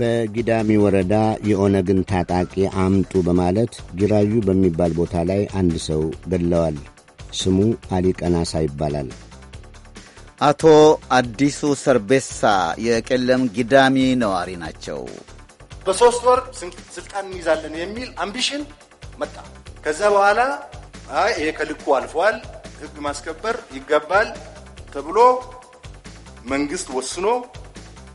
በጊዳሚ ወረዳ የኦነግን ታጣቂ አምጡ በማለት ጊራዩ በሚባል ቦታ ላይ አንድ ሰው ገድለዋል። ስሙ አሊ ቀናሳ ይባላል። አቶ አዲሱ ሰርቤሳ የቄለም ጊዳሚ ነዋሪ ናቸው። በሶስት ወር ስልጣን እንይዛለን የሚል አምቢሽን መጣ። ከዛ በኋላ አይ ይሄ ከልኩ አልፏል፣ ህግ ማስከበር ይገባል ተብሎ መንግስት ወስኖ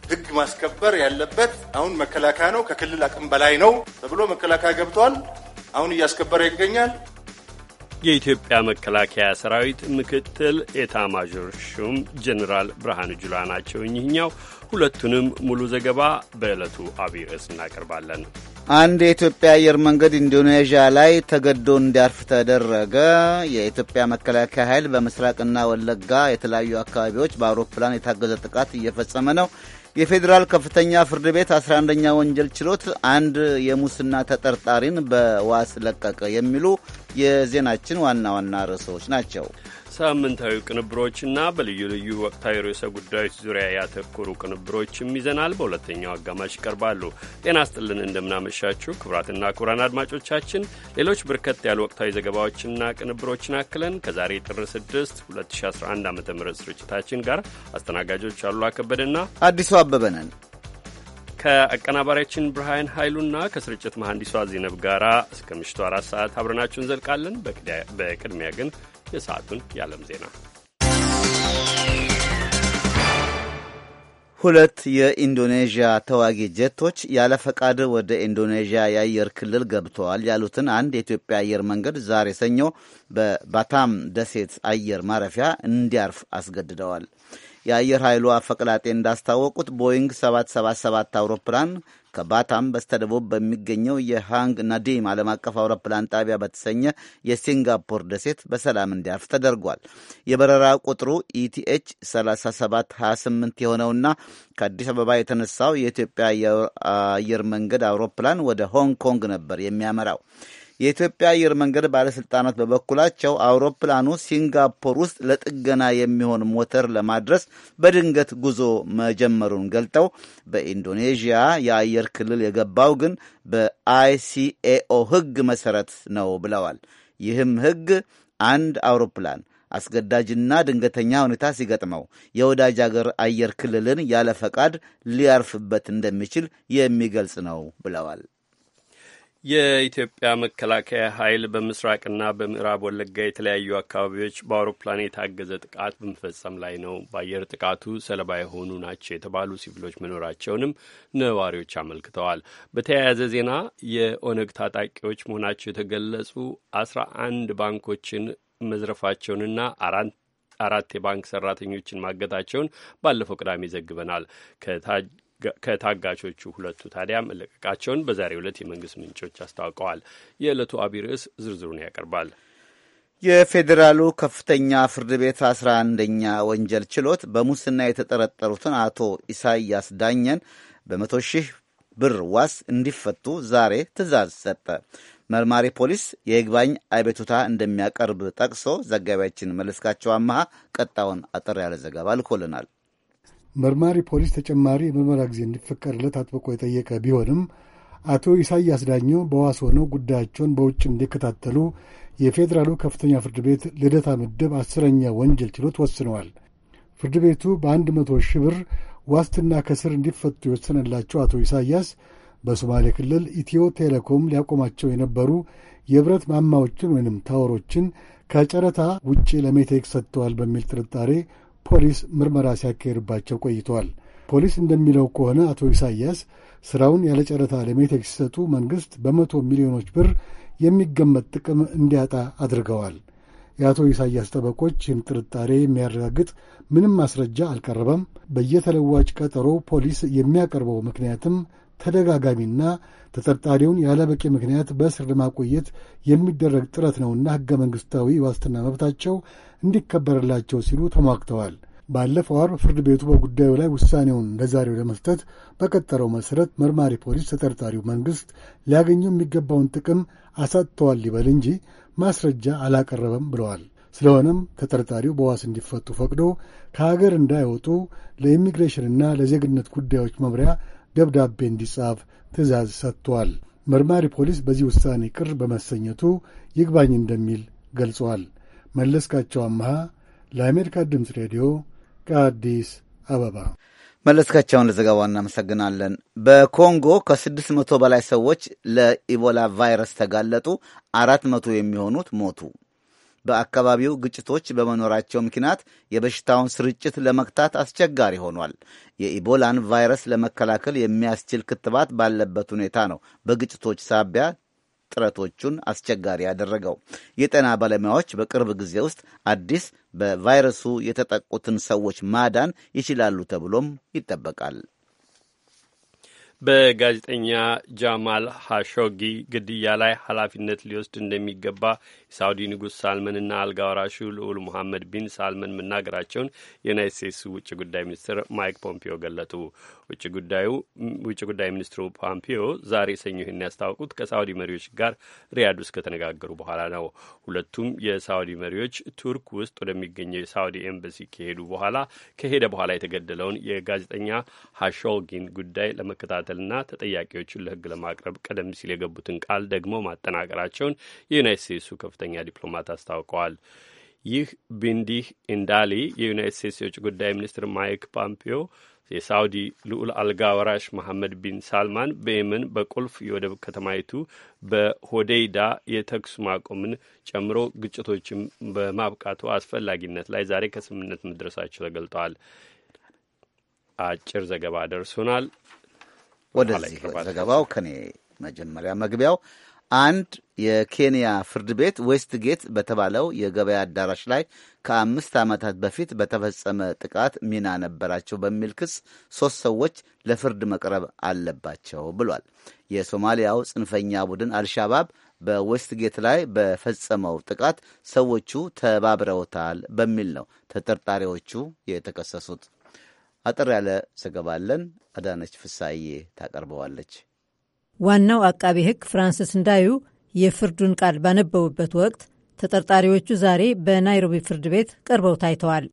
ህግ ማስከበር ያለበት አሁን መከላከያ ነው። ከክልል አቅም በላይ ነው ተብሎ መከላከያ ገብተዋል። አሁን እያስከበረ ይገኛል። የኢትዮጵያ መከላከያ ሰራዊት ምክትል ኤታማዦር ሹም ጀኔራል ብርሃኑ ጁላ ናቸው። እኚህኛው ሁለቱንም ሙሉ ዘገባ በዕለቱ አብይ ርዕስ እናቀርባለን። አንድ የኢትዮጵያ አየር መንገድ ኢንዶኔዥያ ላይ ተገዶ እንዲያርፍ ተደረገ። የኢትዮጵያ መከላከያ ኃይል በምስራቅና ወለጋ የተለያዩ አካባቢዎች በአውሮፕላን የታገዘ ጥቃት እየፈጸመ ነው። የፌዴራል ከፍተኛ ፍርድ ቤት 11ኛ ወንጀል ችሎት አንድ የሙስና ተጠርጣሪን በዋስ ለቀቀ። የሚሉ የዜናችን ዋና ዋና ርዕሶች ናቸው። ሳምንታዊ ቅንብሮችና በልዩ ልዩ ወቅታዊ ርዕሰ ጉዳዮች ዙሪያ ያተኮሩ ቅንብሮችም ይዘናል። በሁለተኛው አጋማሽ ይቀርባሉ። ጤና ስጥልን፣ እንደምናመሻችሁ ክቡራትና ክቡራን አድማጮቻችን ሌሎች በርከት ያሉ ወቅታዊ ዘገባዎችና ቅንብሮችን አክለን ከዛሬ ጥር 6 2011 ዓ ም ስርጭታችን ጋር አስተናጋጆች አሉላ ከበደና አዲሱ አበበ ነን ከአቀናባሪያችን ብርሃን ኃይሉና ከስርጭት መሐንዲሷ ዜነብ ጋራ እስከ ምሽቱ አራት ሰዓት አብረናችሁ እንዘልቃለን። በቅድሚያ ግን የሰዓቱን የዓለም ዜና ሁለት የኢንዶኔዥያ ተዋጊ ጀቶች ያለ ፈቃድ ወደ ኢንዶኔዥያ የአየር ክልል ገብተዋል ያሉትን አንድ የኢትዮጵያ አየር መንገድ ዛሬ ሰኞ በባታም ደሴት አየር ማረፊያ እንዲያርፍ አስገድደዋል። የአየር ኃይሉ አፈቅላጤ እንዳስታወቁት ቦይንግ 777 አውሮፕላን ከባታም በስተደቡብ በሚገኘው የሃንግ ናዲም ዓለም አቀፍ አውሮፕላን ጣቢያ በተሰኘ የሲንጋፖር ደሴት በሰላም እንዲያርፍ ተደርጓል። የበረራ ቁጥሩ ኢቲኤች 3728 የሆነውና ከአዲስ አበባ የተነሳው የኢትዮጵያ አየር መንገድ አውሮፕላን ወደ ሆንግ ኮንግ ነበር የሚያመራው። የኢትዮጵያ አየር መንገድ ባለሥልጣናት በበኩላቸው አውሮፕላኑ ሲንጋፖር ውስጥ ለጥገና የሚሆን ሞተር ለማድረስ በድንገት ጉዞ መጀመሩን ገልጠው በኢንዶኔዥያ የአየር ክልል የገባው ግን በአይሲኤኦ ሕግ መሠረት ነው ብለዋል። ይህም ሕግ አንድ አውሮፕላን አስገዳጅና ድንገተኛ ሁኔታ ሲገጥመው የወዳጅ አገር አየር ክልልን ያለ ፈቃድ ሊያርፍበት እንደሚችል የሚገልጽ ነው ብለዋል። የኢትዮጵያ መከላከያ ኃይል በምስራቅና በምዕራብ ወለጋ የተለያዩ አካባቢዎች በአውሮፕላን የታገዘ ጥቃት በመፈጸም ላይ ነው። በአየር ጥቃቱ ሰለባ የሆኑ ናቸው የተባሉ ሲቪሎች መኖራቸውንም ነዋሪዎች አመልክተዋል። በተያያዘ ዜና የኦነግ ታጣቂዎች መሆናቸው የተገለጹ አስራ አንድ ባንኮችን መዝረፋቸውንና አራት አራት የባንክ ሰራተኞችን ማገታቸውን ባለፈው ቅዳሜ ዘግበናል። ከታጋቾቹ ሁለቱ ታዲያ መለቀቃቸውን በዛሬው ዕለት የመንግስት ምንጮች አስታውቀዋል። የዕለቱ አቢይ ርዕስ ዝርዝሩን ያቀርባል። የፌዴራሉ ከፍተኛ ፍርድ ቤት አስራ አንደኛ ወንጀል ችሎት በሙስና የተጠረጠሩትን አቶ ኢሳያስ ዳኘን በመቶ ሺህ ብር ዋስ እንዲፈቱ ዛሬ ትዕዛዝ ሰጠ። መርማሪ ፖሊስ የይግባኝ አቤቱታ እንደሚያቀርብ ጠቅሶ ዘጋቢያችን መለስካቸው አመሃ ቀጣውን አጠር ያለ ዘገባ ልኮልናል። መርማሪ ፖሊስ ተጨማሪ የምርመራ ጊዜ እንዲፈቀድለት አጥብቆ የጠየቀ ቢሆንም አቶ ኢሳያስ ዳኘው በዋስ ሆነው ጉዳያቸውን በውጭ እንዲከታተሉ የፌዴራሉ ከፍተኛ ፍርድ ቤት ልደታ ምድብ አስረኛ ወንጀል ችሎት ወስነዋል። ፍርድ ቤቱ በአንድ መቶ ሺህ ብር ዋስትና ከስር እንዲፈቱ የወሰነላቸው አቶ ኢሳያስ በሶማሌ ክልል ኢትዮ ቴሌኮም ሊያቆማቸው የነበሩ የብረት ማማዎችን ወይንም ታወሮችን ከጨረታ ውጪ ለሜቴክ ሰጥተዋል በሚል ጥርጣሬ ፖሊስ ምርመራ ሲያካሄድባቸው ቆይተዋል። ፖሊስ እንደሚለው ከሆነ አቶ ኢሳያስ ስራውን ያለ ጨረታ ለሜቴክ ሲሰጡ መንግሥት በመቶ ሚሊዮኖች ብር የሚገመት ጥቅም እንዲያጣ አድርገዋል። የአቶ ኢሳያስ ጠበቆች ይህን ጥርጣሬ የሚያረጋግጥ ምንም ማስረጃ አልቀረበም። በየተለዋጭ ቀጠሮ ፖሊስ የሚያቀርበው ምክንያትም ተደጋጋሚና ተጠርጣሪውን ያለ በቂ ምክንያት በእስር ለማቆየት የሚደረግ ጥረት ነውና ሕገ መንግሥታዊ ዋስትና መብታቸው እንዲከበርላቸው ሲሉ ተሟግተዋል። ባለፈው አርብ ፍርድ ቤቱ በጉዳዩ ላይ ውሳኔውን ለዛሬው ለመስጠት በቀጠረው መሠረት መርማሪ ፖሊስ ተጠርጣሪው መንግሥት ሊያገኘው የሚገባውን ጥቅም አሳጥተዋል ይበል እንጂ ማስረጃ አላቀረበም ብለዋል። ስለሆነም ተጠርጣሪው በዋስ እንዲፈቱ ፈቅዶ ከሀገር እንዳይወጡ ለኢሚግሬሽንና ለዜግነት ጉዳዮች መምሪያ ደብዳቤ እንዲጻፍ ትእዛዝ ሰጥቷል። መርማሪ ፖሊስ በዚህ ውሳኔ ቅር በመሰኘቱ ይግባኝ እንደሚል ገልጿል። መለስካቸው አመሃ ለአሜሪካ ድምፅ ሬዲዮ ከአዲስ አበባ። መለስካቸውን ለዘገባው እናመሰግናለን። በኮንጎ ከ600 በላይ ሰዎች ለኢቦላ ቫይረስ ተጋለጡ፣ 400 የሚሆኑት ሞቱ። በአካባቢው ግጭቶች በመኖራቸው ምክንያት የበሽታውን ስርጭት ለመግታት አስቸጋሪ ሆኗል። የኢቦላን ቫይረስ ለመከላከል የሚያስችል ክትባት ባለበት ሁኔታ ነው በግጭቶች ሳቢያ ጥረቶቹን አስቸጋሪ ያደረገው። የጤና ባለሙያዎች በቅርብ ጊዜ ውስጥ አዲስ በቫይረሱ የተጠቁትን ሰዎች ማዳን ይችላሉ ተብሎም ይጠበቃል። በጋዜጠኛ ጃማል ሃሾጊ ግድያ ላይ ኃላፊነት ሊወስድ እንደሚገባ የሳውዲ ንጉሥ ሳልመንና አልጋ ወራሹ ልዑል ሙሐመድ ቢን ሳልመን መናገራቸውን የዩናይት ስቴትስ ውጭ ጉዳይ ሚኒስትር ማይክ ፖምፒዮ ገለጡ። ውጭ ጉዳዩ ውጭ ጉዳይ ሚኒስትሩ ፖምፒዮ ዛሬ ሰኞ ይህን ያስታወቁት ከሳውዲ መሪዎች ጋር ሪያድ ውስጥ ከተነጋገሩ በኋላ ነው። ሁለቱም የሳውዲ መሪዎች ቱርክ ውስጥ ወደሚገኘው የሳውዲ ኤምባሲ ከሄዱ በኋላ ከሄደ በኋላ የተገደለውን የጋዜጠኛ ሀሾጊን ጉዳይ ለመከታተል ለመከታተልና ተጠያቂዎቹን ለህግ ለማቅረብ ቀደም ሲል የገቡትን ቃል ደግሞ ማጠናቀራቸውን የዩናይት ስቴትሱ ከፍተኛ ዲፕሎማት አስታውቀዋል። ይህ ቢንዲህ እንዳሊ የዩናይት ስቴትስ የውጭ ጉዳይ ሚኒስትር ማይክ ፖምፒዮ የሳውዲ ልዑል አልጋ ወራሽ መሐመድ ቢን ሳልማን በየመን በቁልፍ የወደብ ከተማይቱ በሆዴይዳ የተኩስ ማቆምን ጨምሮ ግጭቶችን በማብቃቱ አስፈላጊነት ላይ ዛሬ ከስምምነት መድረሳቸው ተገልጠዋል። አጭር ዘገባ ደርሶናል። ወደዚህ ዘገባው ከኔ መጀመሪያ መግቢያው አንድ የኬንያ ፍርድ ቤት ዌስት ጌት በተባለው የገበያ አዳራሽ ላይ ከአምስት ዓመታት በፊት በተፈጸመ ጥቃት ሚና ነበራቸው በሚል ክስ ሦስት ሰዎች ለፍርድ መቅረብ አለባቸው ብሏል። የሶማሊያው ጽንፈኛ ቡድን አልሻባብ በዌስት ጌት ላይ በፈጸመው ጥቃት ሰዎቹ ተባብረውታል በሚል ነው ተጠርጣሪዎቹ የተከሰሱት። አጠር ያለ ዘገባ አለን። አዳነች ፍሳዬ ታቀርበዋለች። ዋናው አቃቤ ሕግ ፍራንስስ እንዳዩ የፍርዱን ቃል ባነበቡበት ወቅት ተጠርጣሪዎቹ ዛሬ በናይሮቢ ፍርድ ቤት ቀርበው ታይተዋል።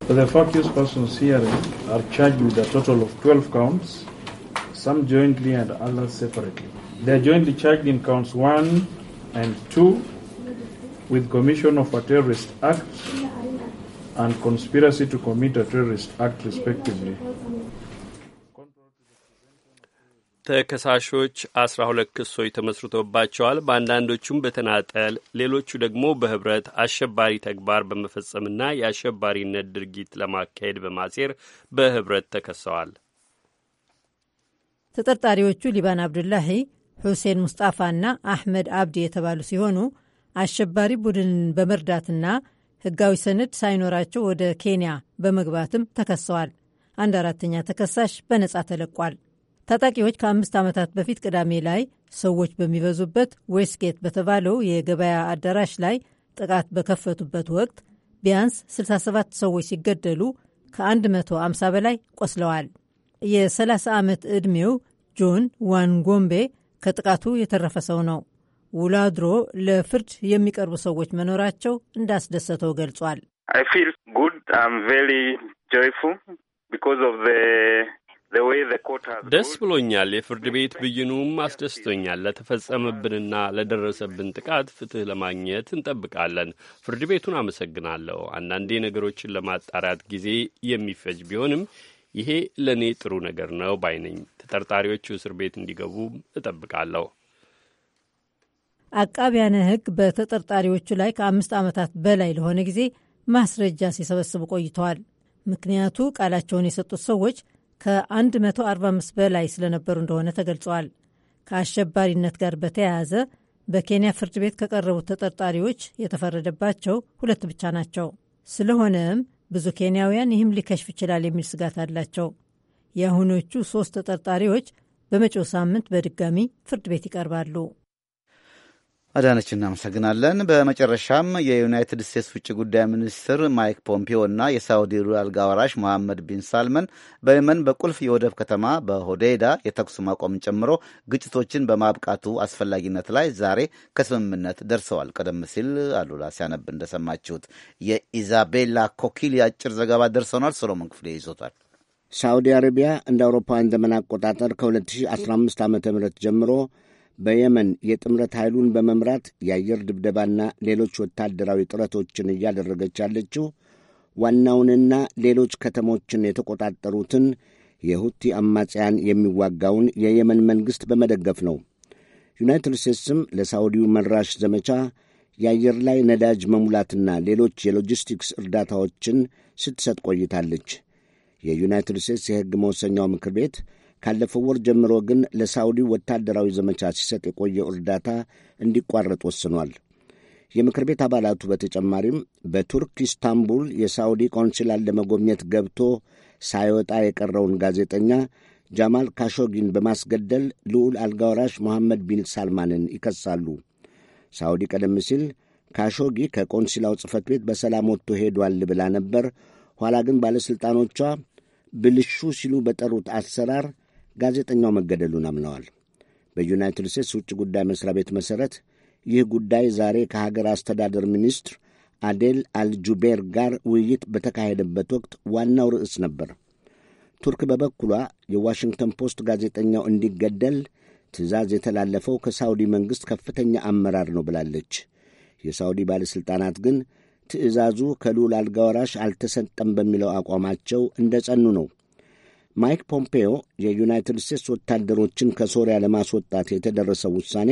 and conspiracy to commit a terrorist act respectively. ተከሳሾች አስራ ሁለት ክሶች ተመስርቶባቸዋል። በአንዳንዶቹም በተናጠል ሌሎቹ ደግሞ በህብረት አሸባሪ ተግባር በመፈጸምና የአሸባሪነት ድርጊት ለማካሄድ በማሴር በህብረት ተከሰዋል። ተጠርጣሪዎቹ ሊባን አብዱላሂ፣ ሁሴን ሙስጣፋና አሕመድ አብዲ የተባሉ ሲሆኑ አሸባሪ ቡድንን በመርዳትና ሕጋዊ ሰነድ ሳይኖራቸው ወደ ኬንያ በመግባትም ተከሰዋል። አንድ አራተኛ ተከሳሽ በነጻ ተለቋል። ታጣቂዎች ከአምስት ዓመታት በፊት ቅዳሜ ላይ ሰዎች በሚበዙበት ዌስትጌት በተባለው የገበያ አዳራሽ ላይ ጥቃት በከፈቱበት ወቅት ቢያንስ 67 ሰዎች ሲገደሉ ከ150 በላይ ቆስለዋል። የ30 ዓመት ዕድሜው ጆን ዋንጎምቤ ከጥቃቱ የተረፈ ሰው ነው። ውላድሮ አድሮ ለፍርድ የሚቀርቡ ሰዎች መኖራቸው እንዳስደሰተው ገልጿል። ደስ ብሎኛል። የፍርድ ቤት ብይኑም አስደስቶኛል። ለተፈጸመብንና ለደረሰብን ጥቃት ፍትህ ለማግኘት እንጠብቃለን። ፍርድ ቤቱን አመሰግናለሁ። አንዳንዴ ነገሮችን ለማጣራት ጊዜ የሚፈጅ ቢሆንም ይሄ ለእኔ ጥሩ ነገር ነው ባይነኝ። ተጠርጣሪዎች ተጠርጣሪዎቹ እስር ቤት እንዲገቡ እጠብቃለሁ። አቃቢያነ ሕግ በተጠርጣሪዎቹ ላይ ከአምስት ዓመታት በላይ ለሆነ ጊዜ ማስረጃ ሲሰበስቡ ቆይተዋል። ምክንያቱ ቃላቸውን የሰጡት ሰዎች ከ145 በላይ ስለነበሩ እንደሆነ ተገልጿል። ከአሸባሪነት ጋር በተያያዘ በኬንያ ፍርድ ቤት ከቀረቡት ተጠርጣሪዎች የተፈረደባቸው ሁለት ብቻ ናቸው። ስለሆነም ብዙ ኬንያውያን ይህም ሊከሽፍ ይችላል የሚል ስጋት አላቸው። የአሁኖቹ ሦስት ተጠርጣሪዎች በመጪው ሳምንት በድጋሚ ፍርድ ቤት ይቀርባሉ። አዳነች እናመሰግናለን። በመጨረሻም የዩናይትድ ስቴትስ ውጭ ጉዳይ ሚኒስትር ማይክ ፖምፒዮ እና የሳውዲ አልጋ ወራሽ መሐመድ ቢን ሳልመን በየመን በቁልፍ የወደብ ከተማ በሆዴዳ የተኩስ ማቆምን ጨምሮ ግጭቶችን በማብቃቱ አስፈላጊነት ላይ ዛሬ ከስምምነት ደርሰዋል። ቀደም ሲል አሉላ ሲያነብ እንደሰማችሁት የኢዛቤላ ኮኪል የአጭር ዘገባ ደርሰናል። ሶሎሞን ክፍሌ ይዞታል። ሳውዲ አረቢያ እንደ አውሮፓውያን ዘመን አቆጣጠር ከ2015 ዓ ም ጀምሮ በየመን የጥምረት ኃይሉን በመምራት የአየር ድብደባና ሌሎች ወታደራዊ ጥረቶችን እያደረገች ያለችው ዋናውንና ሌሎች ከተሞችን የተቆጣጠሩትን የሁቲ አማጽያን የሚዋጋውን የየመን መንግሥት በመደገፍ ነው። ዩናይትድ ስቴትስም ለሳውዲው መራሽ ዘመቻ የአየር ላይ ነዳጅ መሙላትና ሌሎች የሎጂስቲክስ እርዳታዎችን ስትሰጥ ቆይታለች። የዩናይትድ ስቴትስ የሕግ መወሰኛው ምክር ቤት ካለፈው ወር ጀምሮ ግን ለሳውዲ ወታደራዊ ዘመቻ ሲሰጥ የቆየው እርዳታ እንዲቋረጥ ወስኗል። የምክር ቤት አባላቱ በተጨማሪም በቱርክ ኢስታንቡል የሳውዲ ቆንስላን ለመጎብኘት ገብቶ ሳይወጣ የቀረውን ጋዜጠኛ ጃማል ካሾጊን በማስገደል ልዑል አልጋወራሽ መሐመድ ቢን ሳልማንን ይከሳሉ። ሳውዲ ቀደም ሲል ካሾጊ ከቆንስላው ጽሕፈት ቤት በሰላም ወጥቶ ሄዷል ብላ ነበር። ኋላ ግን ባለሥልጣኖቿ ብልሹ ሲሉ በጠሩት አሰራር ጋዜጠኛው መገደሉን አምነዋል። በዩናይትድ ስቴትስ ውጭ ጉዳይ መሥሪያ ቤት መሠረት ይህ ጉዳይ ዛሬ ከሀገር አስተዳደር ሚኒስትር አዴል አልጁቤር ጋር ውይይት በተካሄደበት ወቅት ዋናው ርዕስ ነበር። ቱርክ በበኩሏ የዋሽንግተን ፖስት ጋዜጠኛው እንዲገደል ትዕዛዝ የተላለፈው ከሳውዲ መንግሥት ከፍተኛ አመራር ነው ብላለች። የሳውዲ ባለሥልጣናት ግን ትዕዛዙ ከልዑል አልጋወራሽ አልተሰጠም በሚለው አቋማቸው እንደ ጸኑ ነው። ማይክ ፖምፔዮ የዩናይትድ ስቴትስ ወታደሮችን ከሶሪያ ለማስወጣት የተደረሰው ውሳኔ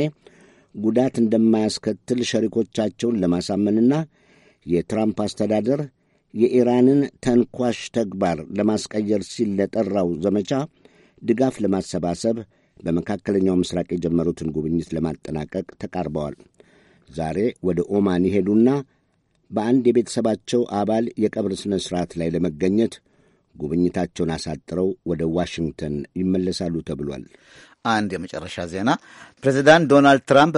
ጉዳት እንደማያስከትል ሸሪኮቻቸውን ለማሳመንና የትራምፕ አስተዳደር የኢራንን ተንኳሽ ተግባር ለማስቀየር ሲል ለጠራው ዘመቻ ድጋፍ ለማሰባሰብ በመካከለኛው ምስራቅ የጀመሩትን ጉብኝት ለማጠናቀቅ ተቃርበዋል። ዛሬ ወደ ኦማን የሄዱና በአንድ የቤተሰባቸው አባል የቀብር ሥነ ሥርዓት ላይ ለመገኘት ጉብኝታቸውን አሳጥረው ወደ ዋሽንግተን ይመለሳሉ ተብሏል። አንድ የመጨረሻ ዜና። ፕሬዚዳንት ዶናልድ ትራምፕ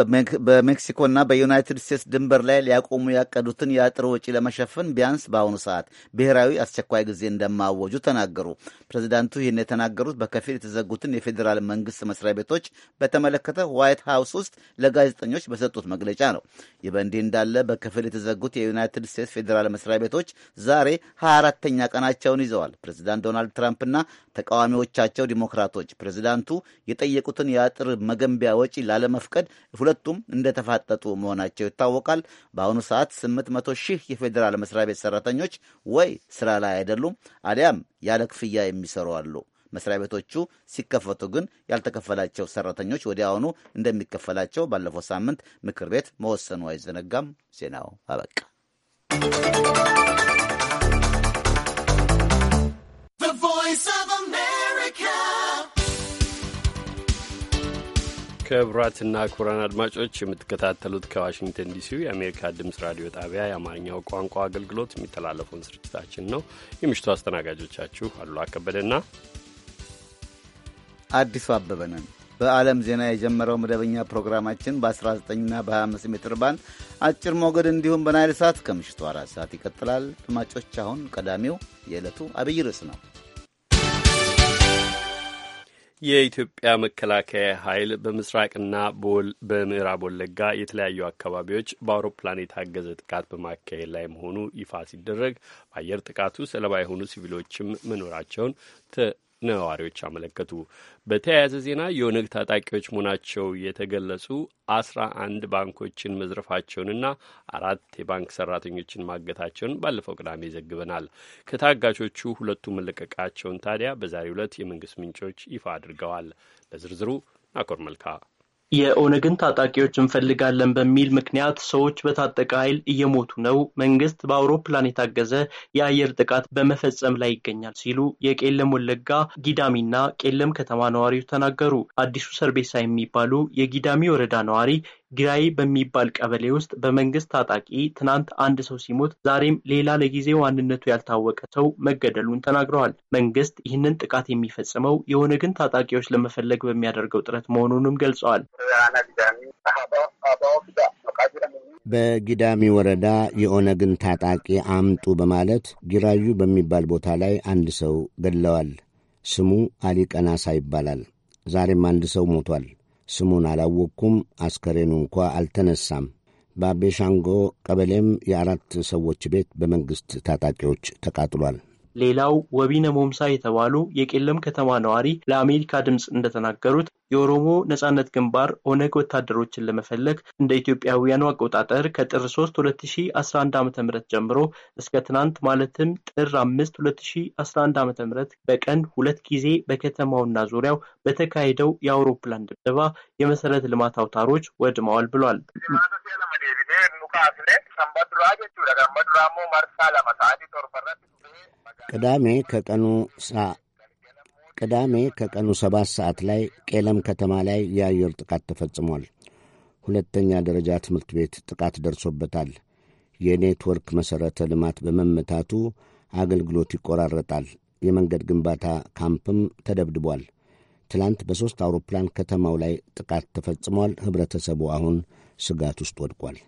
በሜክሲኮና በዩናይትድ ስቴትስ ድንበር ላይ ሊያቆሙ ያቀዱትን የአጥር ወጪ ለመሸፈን ቢያንስ በአሁኑ ሰዓት ብሔራዊ አስቸኳይ ጊዜ እንደማወጁ ተናገሩ። ፕሬዚዳንቱ ይህን የተናገሩት በከፊል የተዘጉትን የፌዴራል መንግስት መስሪያ ቤቶች በተመለከተ ዋይት ሀውስ ውስጥ ለጋዜጠኞች በሰጡት መግለጫ ነው። ይህ በእንዲህ እንዳለ በከፊል የተዘጉት የዩናይትድ ስቴትስ ፌዴራል መስሪያ ቤቶች ዛሬ 24ተኛ ቀናቸውን ይዘዋል። ፕሬዚዳንት ዶናልድ ትራምፕና ተቃዋሚዎቻቸው ዲሞክራቶች ፕሬዚዳንቱ የጠየቁትን የአጥር መገንቢያ ወጪ ላለመፍቀድ ሁለቱም እንደተፋጠጡ መሆናቸው ይታወቃል። በአሁኑ ሰዓት 800 ሺህ የፌዴራል መስሪያ ቤት ሰራተኞች ወይ ስራ ላይ አይደሉም፣ አሊያም ያለ ክፍያ የሚሰሩ አሉ። መስሪያ ቤቶቹ ሲከፈቱ ግን ያልተከፈላቸው ሰራተኞች ወዲያውኑ እንደሚከፈላቸው ባለፈው ሳምንት ምክር ቤት መወሰኑ አይዘነጋም። ዜናው አበቃ። ክቡራትና ክቡራን አድማጮች የምትከታተሉት ከዋሽንግተን ዲሲው የአሜሪካ ድምፅ ራዲዮ ጣቢያ የአማርኛው ቋንቋ አገልግሎት የሚተላለፈውን ስርጭታችን ነው። የምሽቱ አስተናጋጆቻችሁ አሉ ከበደና አዲሱ አበበ ነን። በዓለም ዜና የጀመረው መደበኛ ፕሮግራማችን በ19ና በ25 ሜትር ባንድ አጭር ሞገድ እንዲሁም በናይል ሰዓት ከምሽቱ አራት ሰዓት ይቀጥላል። አድማጮች አሁን ቀዳሚው የዕለቱ አብይ ርዕስ ነው። የኢትዮጵያ መከላከያ ኃይል በምስራቅና በምዕራብ ወለጋ የተለያዩ አካባቢዎች በአውሮፕላን የታገዘ ጥቃት በማካሄድ ላይ መሆኑ ይፋ ሲደረግ በአየር ጥቃቱ ሰለባ የሆኑ ሲቪሎችም መኖራቸውን ነዋሪዎች አመለከቱ። በተያያዘ ዜና የኦነግ ታጣቂዎች መሆናቸው የተገለጹ አስራ አንድ ባንኮችን መዝረፋቸውንና አራት የባንክ ሰራተኞችን ማገታቸውን ባለፈው ቅዳሜ ዘግበናል። ከታጋቾቹ ሁለቱ መለቀቃቸውን ታዲያ በዛሬው ዕለት የመንግስት ምንጮች ይፋ አድርገዋል። ለዝርዝሩ ናኮር መልካ የኦነግን ታጣቂዎች እንፈልጋለን በሚል ምክንያት ሰዎች በታጠቀ ኃይል እየሞቱ ነው፣ መንግስት በአውሮፕላን የታገዘ የአየር ጥቃት በመፈጸም ላይ ይገኛል ሲሉ የቄለም ወለጋ ጊዳሚና ቄለም ከተማ ነዋሪዎች ተናገሩ። አዲሱ ሰርቤሳ የሚባሉ የጊዳሚ ወረዳ ነዋሪ ግራይ በሚባል ቀበሌ ውስጥ በመንግስት ታጣቂ ትናንት አንድ ሰው ሲሞት ዛሬም ሌላ ለጊዜው ማንነቱ ያልታወቀ ሰው መገደሉን ተናግረዋል። መንግስት ይህንን ጥቃት የሚፈጽመው የኦነግን ታጣቂዎች ለመፈለግ በሚያደርገው ጥረት መሆኑንም ገልጸዋል። በጊዳሚ ወረዳ የኦነግን ታጣቂ አምጡ በማለት ጊራዩ በሚባል ቦታ ላይ አንድ ሰው ገድለዋል። ስሙ አሊ ቀናሳ ይባላል። ዛሬም አንድ ሰው ሞቷል። ስሙን አላወቅኩም። አስከሬኑ እንኳ አልተነሳም። በአቤሻንጎ ቀበሌም የአራት ሰዎች ቤት በመንግሥት ታጣቂዎች ተቃጥሏል። ሌላው ወቢነ ሞምሳ የተባሉ የቄለም ከተማ ነዋሪ ለአሜሪካ ድምፅ እንደተናገሩት የኦሮሞ ነጻነት ግንባር ኦነግ ወታደሮችን ለመፈለግ እንደ ኢትዮጵያውያኑ አቆጣጠር ከጥር 3 2011 ዓ ም ጀምሮ እስከ ትናንት ማለትም ጥር 5 2011 ዓ ም በቀን ሁለት ጊዜ በከተማውና ዙሪያው በተካሄደው የአውሮፕላን ድብደባ የመሰረተ ልማት አውታሮች ወድመዋል ብሏል። ቅዳሜ ከቀኑ ቅዳሜ ከቀኑ ሰባት ሰዓት ላይ ቄለም ከተማ ላይ የአየር ጥቃት ተፈጽሟል። ሁለተኛ ደረጃ ትምህርት ቤት ጥቃት ደርሶበታል። የኔትወርክ መሠረተ ልማት በመመታቱ አገልግሎት ይቆራረጣል። የመንገድ ግንባታ ካምፕም ተደብድቧል። ትላንት በሦስት አውሮፕላን ከተማው ላይ ጥቃት ተፈጽሟል። ኅብረተሰቡ አሁን ስጋት ውስጥ ወድቋል።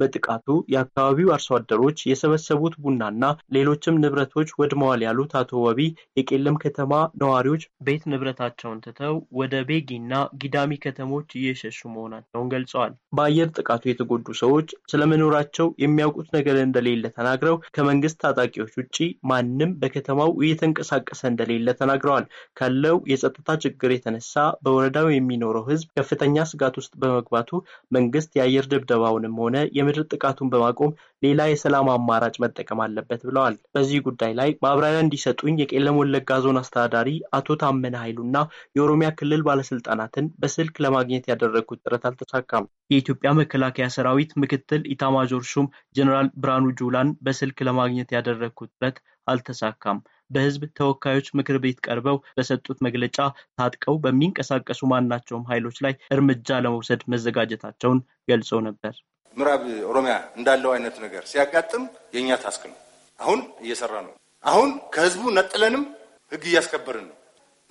በጥቃቱ የአካባቢው አርሶ አደሮች የሰበሰቡት ቡናና ሌሎችም ንብረቶች ወድመዋል ያሉት አቶ ወቢ የቄለም ከተማ ነዋሪዎች ቤት ንብረታቸውን ትተው ወደ ቤጊና ጊዳሚ ከተሞች እየሸሹ መሆናቸውን ገልጸዋል። በአየር ጥቃቱ የተጎዱ ሰዎች ስለመኖራቸው የሚያውቁት ነገር እንደሌለ ተናግረው ከመንግስት ታጣቂዎች ውጭ ማንም በከተማው እየተንቀሳቀሰ እንደሌለ ተናግረዋል። ካለው የጸጥታ ችግር የተነሳ በወረዳው የሚኖረው ሕዝብ ከፍተኛ ስጋት ውስጥ በመግባቱ መንግስት የአየር ድብደባውንም ሆነ የምድር ጥቃቱን በማቆም ሌላ የሰላም አማራጭ መጠቀም አለበት ብለዋል። በዚህ ጉዳይ ላይ ማብራሪያ እንዲሰጡኝ የቄለም ወለጋ ዞን አስተዳዳሪ አቶ ታመነ ኃይሉና የኦሮሚያ ክልል ባለስልጣናትን በስልክ ለማግኘት ያደረግኩት ጥረት አልተሳካም። የኢትዮጵያ መከላከያ ሰራዊት ምክትል ኢታማዦር ሹም ጀኔራል ብርሃኑ ጁላን በስልክ ለማግኘት ያደረግኩት ጥረት አልተሳካም። በህዝብ ተወካዮች ምክር ቤት ቀርበው በሰጡት መግለጫ ታጥቀው በሚንቀሳቀሱ ማናቸውም ኃይሎች ላይ እርምጃ ለመውሰድ መዘጋጀታቸውን ገልጸው ነበር። ምዕራብ ኦሮሚያ እንዳለው አይነት ነገር ሲያጋጥም የእኛ ታስክ ነው። አሁን እየሰራ ነው። አሁን ከህዝቡ ነጥለንም ህግ እያስከበርን ነው።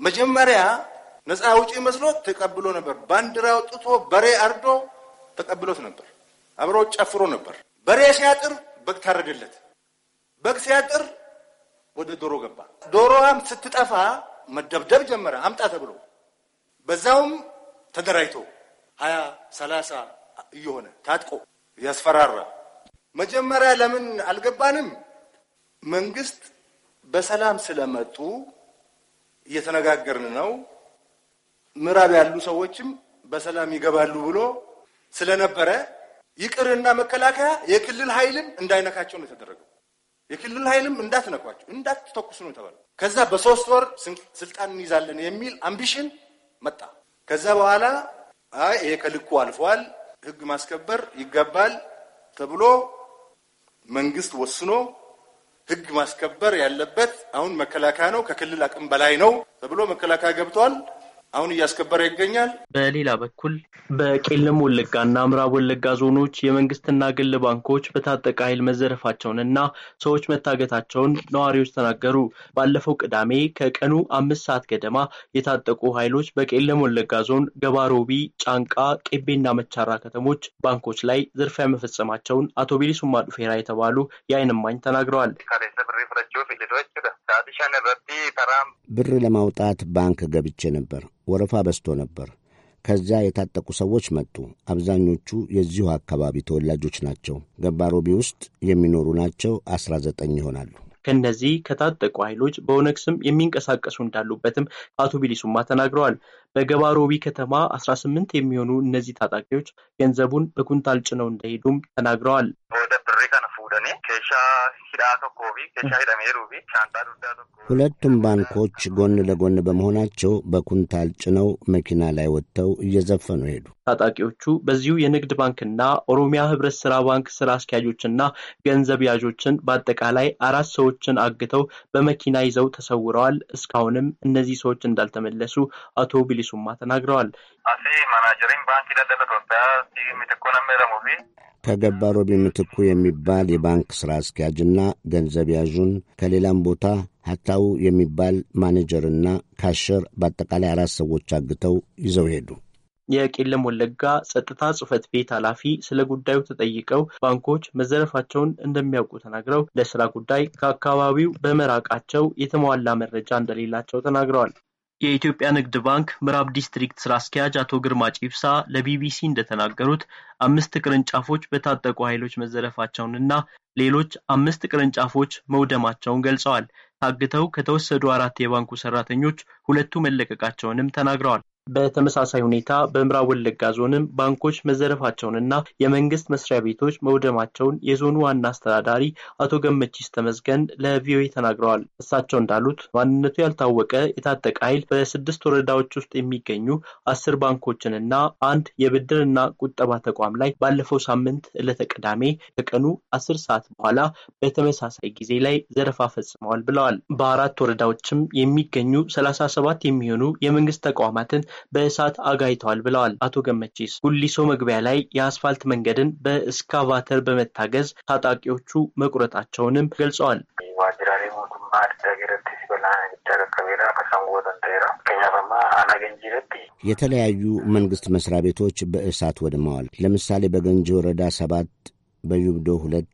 መጀመሪያ ነፃ አውጪ መስሎ ተቀብሎ ነበር። ባንዲራ አውጥቶ በሬ አርዶ ተቀብሎት ነበር። አብሮ ጨፍሮ ነበር። በሬ ሲያጥር በግ ታረደለት። በግ ሲያጥር ወደ ዶሮ ገባ። ዶሮዋም ስትጠፋ መደብደብ ጀመረ፣ አምጣ ተብሎ በዛውም ተደራጅቶ ሀያ ሰላሳ እየሆነ ታጥቆ ያስፈራራ። መጀመሪያ ለምን አልገባንም? መንግስት በሰላም ስለመጡ እየተነጋገርን ነው፣ ምዕራብ ያሉ ሰዎችም በሰላም ይገባሉ ብሎ ስለነበረ ይቅርና መከላከያ የክልል ኃይልም እንዳይነካቸው ነው የተደረገው። የክልል ኃይልም እንዳትነኳቸው እንዳትተኩሱ ነው የተባለው። ከዛ በሶስት ወር ስልጣን እንይዛለን የሚል አምቢሽን መጣ። ከዛ በኋላ አይ ይሄ ከልኩ አልፏል፣ ህግ ማስከበር ይገባል ተብሎ መንግስት ወስኖ ህግ ማስከበር ያለበት አሁን መከላከያ ነው፣ ከክልል አቅም በላይ ነው ተብሎ መከላከያ ገብቷል። አሁን እያስከበረ ይገኛል። በሌላ በኩል በቄለም ወለጋና ምዕራብ ወለጋ ዞኖች የመንግስትና ግል ባንኮች በታጠቀ ኃይል መዘረፋቸውንና ሰዎች መታገታቸውን ነዋሪዎች ተናገሩ። ባለፈው ቅዳሜ ከቀኑ አምስት ሰዓት ገደማ የታጠቁ ኃይሎች በቄለም ወለጋ ዞን ገባሮቢ፣ ጫንቃ፣ ቄቤና መቻራ ከተሞች ባንኮች ላይ ዝርፊያ መፈጸማቸውን አቶ ቢሊሱማ ዱፌራ የተባሉ የአይን እማኝ ተናግረዋል። ብር ለማውጣት ባንክ ገብቼ ነበር። ወረፋ በዝቶ ነበር። ከዚያ የታጠቁ ሰዎች መጡ። አብዛኞቹ የዚሁ አካባቢ ተወላጆች ናቸው። ገባሮቢ ውስጥ የሚኖሩ ናቸው። አስራ ዘጠኝ ይሆናሉ። ከእነዚህ ከታጠቁ ኃይሎች በኦነግ ስም የሚንቀሳቀሱ እንዳሉበትም አቶ ቢሊሱማ ተናግረዋል። በገባሮቢ ከተማ አስራ ስምንት የሚሆኑ እነዚህ ታጣቂዎች ገንዘቡን በኩንታል ጭነው እንደሄዱም ተናግረዋል። fuudhanii ኬሻ ሂዳ ቶኮቪ ኬሻ ሂዳ ሜሩቪ fi ዱዳ duddaa ሁለቱም ባንኮች ጎን ለጎን በመሆናቸው በኩንታል ጭነው መኪና ላይ ወጥተው እየዘፈኑ ሄዱ። ታጣቂዎቹ በዚሁ የንግድ ባንክና ኦሮሚያ ህብረት ስራ ባንክ ስራ አስኪያጆችና ገንዘብ ያዦችን በአጠቃላይ አራት ሰዎችን አግተው በመኪና ይዘው ተሰውረዋል። እስካሁንም እነዚህ ሰዎች እንዳልተመለሱ አቶ ቢሊሱማ ተናግረዋል። ከገባ ሮቢ ምትኩ የሚባል የባንክ ሥራ አስኪያጅና ገንዘብ ያዡን ከሌላም ቦታ ሀታው የሚባል ማኔጀርና ካሸር በአጠቃላይ አራት ሰዎች አግተው ይዘው ሄዱ። የቄለም ወለጋ ጸጥታ ጽሕፈት ቤት ኃላፊ ስለ ጉዳዩ ተጠይቀው ባንኮች መዘረፋቸውን እንደሚያውቁ ተናግረው ለስራ ጉዳይ ከአካባቢው በመራቃቸው የተሟላ መረጃ እንደሌላቸው ተናግረዋል። የኢትዮጵያ ንግድ ባንክ ምዕራብ ዲስትሪክት ስራ አስኪያጅ አቶ ግርማ ጪብሳ ለቢቢሲ እንደተናገሩት አምስት ቅርንጫፎች በታጠቁ ኃይሎች መዘረፋቸውንና ሌሎች አምስት ቅርንጫፎች መውደማቸውን ገልጸዋል። ታግተው ከተወሰዱ አራት የባንኩ ሰራተኞች ሁለቱ መለቀቃቸውንም ተናግረዋል። በተመሳሳይ ሁኔታ በምዕራብ ወለጋ ዞንም ባንኮች መዘረፋቸውንና የመንግስት መስሪያ ቤቶች መውደማቸውን የዞኑ ዋና አስተዳዳሪ አቶ ገመቺስ ተመዝገን ለቪኦኤ ተናግረዋል። እሳቸው እንዳሉት ማንነቱ ያልታወቀ የታጠቀ ኃይል በስድስት ወረዳዎች ውስጥ የሚገኙ አስር ባንኮችንና አንድ የብድርና ቁጠባ ተቋም ላይ ባለፈው ሳምንት ዕለተ ቅዳሜ ከቀኑ አስር ሰዓት በኋላ በተመሳሳይ ጊዜ ላይ ዘረፋ ፈጽመዋል ብለዋል። በአራት ወረዳዎችም የሚገኙ ሰላሳ ሰባት የሚሆኑ የመንግስት ተቋማትን በእሳት አጋይተዋል ብለዋል አቶ ገመቺስ። ጉሊሶ መግቢያ ላይ የአስፋልት መንገድን በእስካቫተር በመታገዝ ታጣቂዎቹ መቁረጣቸውንም ገልጸዋል። የተለያዩ መንግስት መስሪያ ቤቶች በእሳት ወድመዋል። ለምሳሌ በገንጂ ወረዳ ሰባት፣ በዩብዶ ሁለት፣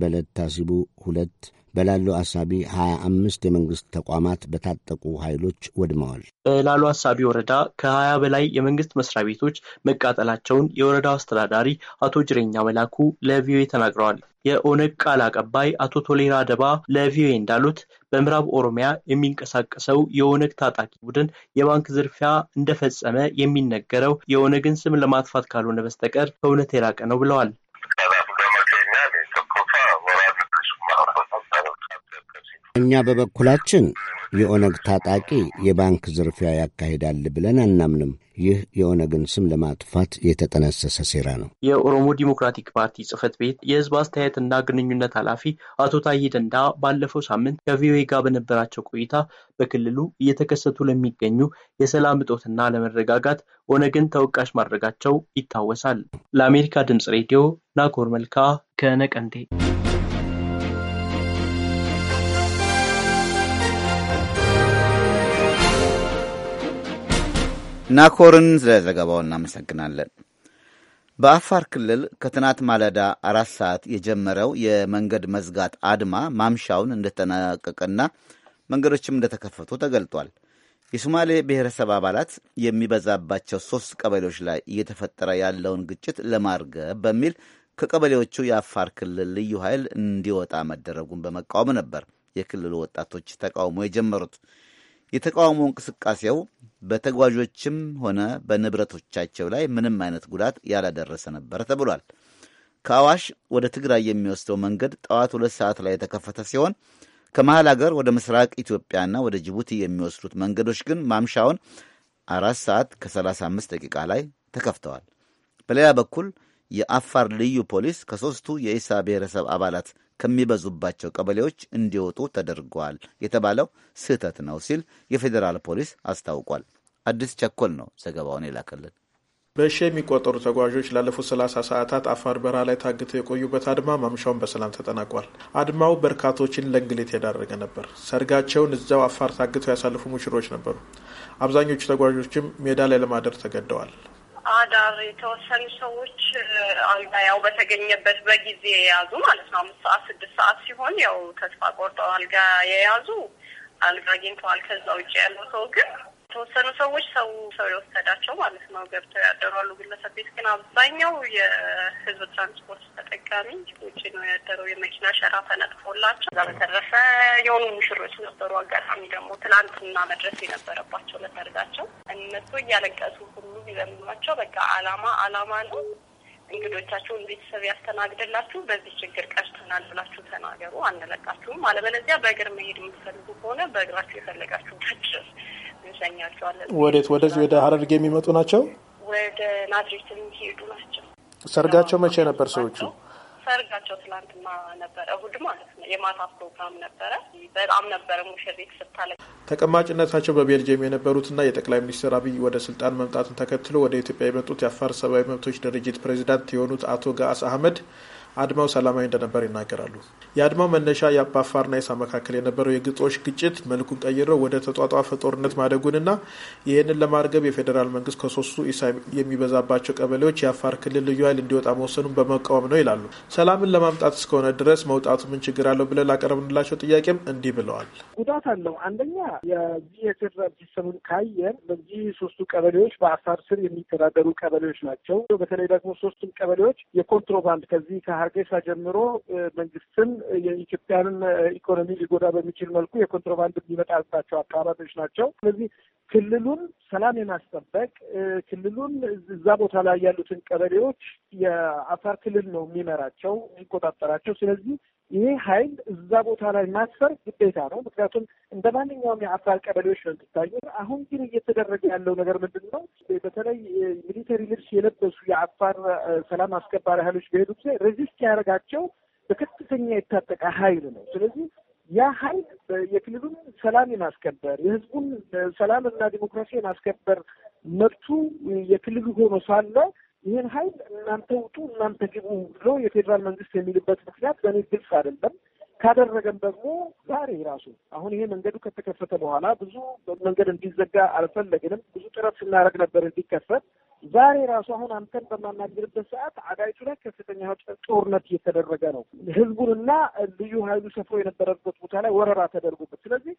በለታሲቡ ሁለት በላሉ አሳቢ 25 የመንግስት ተቋማት በታጠቁ ኃይሎች ወድመዋል። በላሉ አሳቢ ወረዳ ከ20 በላይ የመንግስት መስሪያ ቤቶች መቃጠላቸውን የወረዳው አስተዳዳሪ አቶ ጅሬኛ መላኩ ለቪኦኤ ተናግረዋል። የኦነግ ቃል አቀባይ አቶ ቶሌራ ደባ ለቪኦኤ እንዳሉት በምዕራብ ኦሮሚያ የሚንቀሳቀሰው የኦነግ ታጣቂ ቡድን የባንክ ዝርፊያ እንደፈጸመ የሚነገረው የኦነግን ስም ለማጥፋት ካልሆነ በስተቀር ከእውነት የራቀ ነው ብለዋል። እኛ በበኩላችን የኦነግ ታጣቂ የባንክ ዝርፊያ ያካሂዳል ብለን አናምንም። ይህ የኦነግን ስም ለማጥፋት የተጠነሰሰ ሴራ ነው። የኦሮሞ ዲሞክራቲክ ፓርቲ ጽህፈት ቤት የህዝብ አስተያየትና ግንኙነት ኃላፊ አቶ ታዬ ደንዳ ባለፈው ሳምንት ከቪኦኤ ጋር በነበራቸው ቆይታ በክልሉ እየተከሰቱ ለሚገኙ የሰላም እጦትና ለመረጋጋት ኦነግን ተወቃሽ ማድረጋቸው ይታወሳል። ለአሜሪካ ድምፅ ሬዲዮ ናኮር መልካ ከነቀንዴ ናኮርን ስለዘገባው እናመሰግናለን። በአፋር ክልል ከትናት ማለዳ አራት ሰዓት የጀመረው የመንገድ መዝጋት አድማ ማምሻውን እንደተጠናቀቀና መንገዶችም እንደተከፈቱ ተገልጧል። የሶማሌ ብሔረሰብ አባላት የሚበዛባቸው ሶስት ቀበሌዎች ላይ እየተፈጠረ ያለውን ግጭት ለማርገብ በሚል ከቀበሌዎቹ የአፋር ክልል ልዩ ኃይል እንዲወጣ መደረጉን በመቃወም ነበር የክልሉ ወጣቶች ተቃውሞ የጀመሩት። የተቃውሞ እንቅስቃሴው በተጓዦችም ሆነ በንብረቶቻቸው ላይ ምንም አይነት ጉዳት ያላደረሰ ነበር ተብሏል። ከአዋሽ ወደ ትግራይ የሚወስደው መንገድ ጠዋት ሁለት ሰዓት ላይ የተከፈተ ሲሆን ከመሀል አገር ወደ ምስራቅ ኢትዮጵያና ወደ ጅቡቲ የሚወስዱት መንገዶች ግን ማምሻውን አራት ሰዓት ከ35 ደቂቃ ላይ ተከፍተዋል። በሌላ በኩል የአፋር ልዩ ፖሊስ ከሦስቱ የኢሳ ብሔረሰብ አባላት ከሚበዙባቸው ቀበሌዎች እንዲወጡ ተደርጓል የተባለው ስህተት ነው ሲል የፌዴራል ፖሊስ አስታውቋል። አዲስ ቸኮል ነው ዘገባውን የላከልን። በሺ የሚቆጠሩ ተጓዦች ላለፉት 30 ሰዓታት አፋር በረሃ ላይ ታግተው የቆዩበት አድማ ማምሻውን በሰላም ተጠናቋል። አድማው በርካቶችን ለእንግልት የዳረገ ነበር። ሰርጋቸውን እዚያው አፋር ታግተው ያሳልፉ ሙሽሮች ነበሩ። አብዛኞቹ ተጓዦችም ሜዳ ላይ ለማደር ተገደዋል። አዳር የተወሰኑ ሰዎች አልጋ ያው በተገኘበት በጊዜ የያዙ ማለት ነው። አምስት ሰዓት ስድስት ሰዓት ሲሆን ያው ተስፋ ቆርጠው አልጋ የያዙ አልጋ አግኝተዋል። ከዛ ውጭ ያለው ሰው ግን የተወሰኑ ሰዎች ሰው ሰው የወሰዳቸው ማለት ነው ገብተው ያደሯሉ ግለሰብ ቤት። ግን አብዛኛው የህዝብ ትራንስፖርት ተጠቃሚ ውጭ ነው ያደረው የመኪና ሸራ ተነጥፎላቸው። እዛ በተረፈ የሆኑ ሙሽሮች ነበሩ። አጋጣሚ ደግሞ ትናንትና መድረስ የነበረባቸው ለሰርጋቸው እነሱ እያለቀሱ ሁሉ ቢለምኗቸው በቃ አላማ አላማ ነው እንግዶቻችሁን ቤተሰብ ያስተናግድላችሁ፣ በዚህ ችግር ቀርተናል ብላችሁ ተናገሩ፣ አንለቃችሁም። አለበለዚያ በእግር መሄድ የምትፈልጉ ከሆነ በእግራችሁ የፈለጋችሁ ድረስ እንሸኛቸዋለን። ወዴት ወደዚህ ወደ ሀረርጌ የሚመጡ ናቸው። ወደ ናዝሬት የሚሄዱ ናቸው። ሰርጋቸው መቼ ነበር ሰዎቹ? ሰርጋቸው ትላንትና ነበረ፣ እሁድ ማለት ነው። የማታ ፕሮግራም ነበረ። በጣም ነበረ ሙሽሪት ስታለ። ተቀማጭነታቸው በቤልጅየም የነበሩትና የጠቅላይ ሚኒስትር አብይ ወደ ስልጣን መምጣትን ተከትሎ ወደ ኢትዮጵያ የመጡት የአፋር ሰብአዊ መብቶች ድርጅት ፕሬዚዳንት የሆኑት አቶ ጋአስ አህመድ አድማው ሰላማዊ እንደነበር ይናገራሉ። የአድማው መነሻ የአባፋርና የሳ መካከል የነበረው የግጦሽ ግጭት መልኩን ቀይረው ወደ ተጧጧፈ ጦርነት ማደጉንና ይህንን ለማርገብ የፌዴራል መንግስት ከሶስቱ ኢሳ የሚበዛባቸው ቀበሌዎች የአፋር ክልል ልዩ ኃይል እንዲወጣ መወሰኑን በመቃወም ነው ይላሉ። ሰላምን ለማምጣት እስከሆነ ድረስ መውጣቱ ምን ችግር አለው ብለን ላቀረብንላቸው ጥያቄም እንዲህ ብለዋል። ጉዳት አለው። አንደኛ የዚህ የፌዴራል ሲስተሙን ካየን በዚህ ሶስቱ ቀበሌዎች በአፋር ስር የሚተዳደሩ ቀበሌዎች ናቸው። በተለይ ደግሞ ሶስቱም ቀበሌዎች የኮንትሮባንድ ከዚህ ከሀርጌሳ ጀምሮ መንግስትን የኢትዮጵያንን ኢኮኖሚ ሊጎዳ በሚችል መልኩ የኮንትሮባንድ የሚመጣባቸው አካባቢዎች ናቸው። ስለዚህ ክልሉን ሰላም የማስጠበቅ ክልሉን እዛ ቦታ ላይ ያሉትን ቀበሌዎች የአፋር ክልል ነው የሚመራቸው፣ የሚቆጣጠራቸው። ስለዚህ ይሄ ኃይል እዛ ቦታ ላይ ማስፈር ግዴታ ነው። ምክንያቱም እንደ ማንኛውም የአፋር ቀበሌዎች ነው የሚታዩ። አሁን ግን እየተደረገ ያለው ነገር ምንድን ነው? በተለይ ሚሊተሪ ልብስ የለበሱ የአፋር ሰላም አስከባሪ ኃይሎች በሄዱ ጊዜ ሬዚስት ያደረጋቸው በከፍተኛ የታጠቀ ኃይል ነው። ስለዚህ ያ ኃይል የክልሉን ሰላም የማስከበር የህዝቡን ሰላምና ዲሞክራሲ የማስከበር መብቱ የክልሉ ሆኖ ሳለ ይህን ሀይል እናንተ ውጡ፣ እናንተ ግቡ ብሎ የፌዴራል መንግስት የሚልበት ምክንያት በእኔ ግልጽ አይደለም። ካደረገም ደግሞ ዛሬ ራሱ አሁን ይሄ መንገዱ ከተከፈተ በኋላ ብዙ መንገድ እንዲዘጋ አልፈለግንም። ብዙ ጥረት ስናደርግ ነበር እንዲከፈት። ዛሬ ራሱ አሁን አንተን በማናገርበት ሰዓት አዳይቱ ላይ ከፍተኛ ጦርነት እየተደረገ ነው። ህዝቡንና ልዩ ሀይሉ ሰፍሮ የነበረበት ቦታ ላይ ወረራ ተደርጎበት ስለዚህ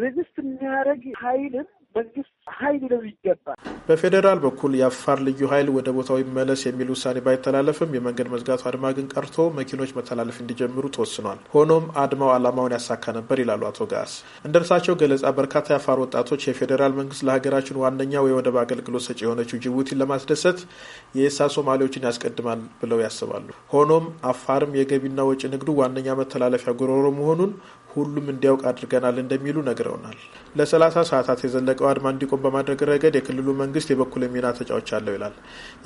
ሬጅስት የሚያደርግ ኃይልን መንግስት ኃይል ይለው ይገባል። በፌዴራል በኩል የአፋር ልዩ ኃይል ወደ ቦታው ይመለስ የሚል ውሳኔ ባይተላለፍም የመንገድ መዝጋቱ አድማ ግን ቀርቶ መኪኖች መተላለፍ እንዲጀምሩ ተወስኗል። ሆኖም አድማው ዓላማውን ያሳካ ነበር ይላሉ አቶ ጋስ። እንደ እርሳቸው ገለጻ በርካታ የአፋር ወጣቶች የፌዴራል መንግስት ለሀገራችን ዋነኛ የወደብ አገልግሎት ሰጪ የሆነችው ጅቡቲን ለማስደሰት የሳ ሶማሌዎችን ያስቀድማል ብለው ያስባሉ። ሆኖም አፋርም የገቢና ወጪ ንግዱ ዋነኛ መተላለፊያ ጉሮሮ መሆኑን ሁሉም እንዲያውቅ አድርገናል እንደሚሉ ነግረውናል። ለሰላሳ ሰዓታት የዘለቀው አድማ እንዲቆም በማድረግ ረገድ የክልሉ መንግስት የበኩል ሚና አለው ይላል።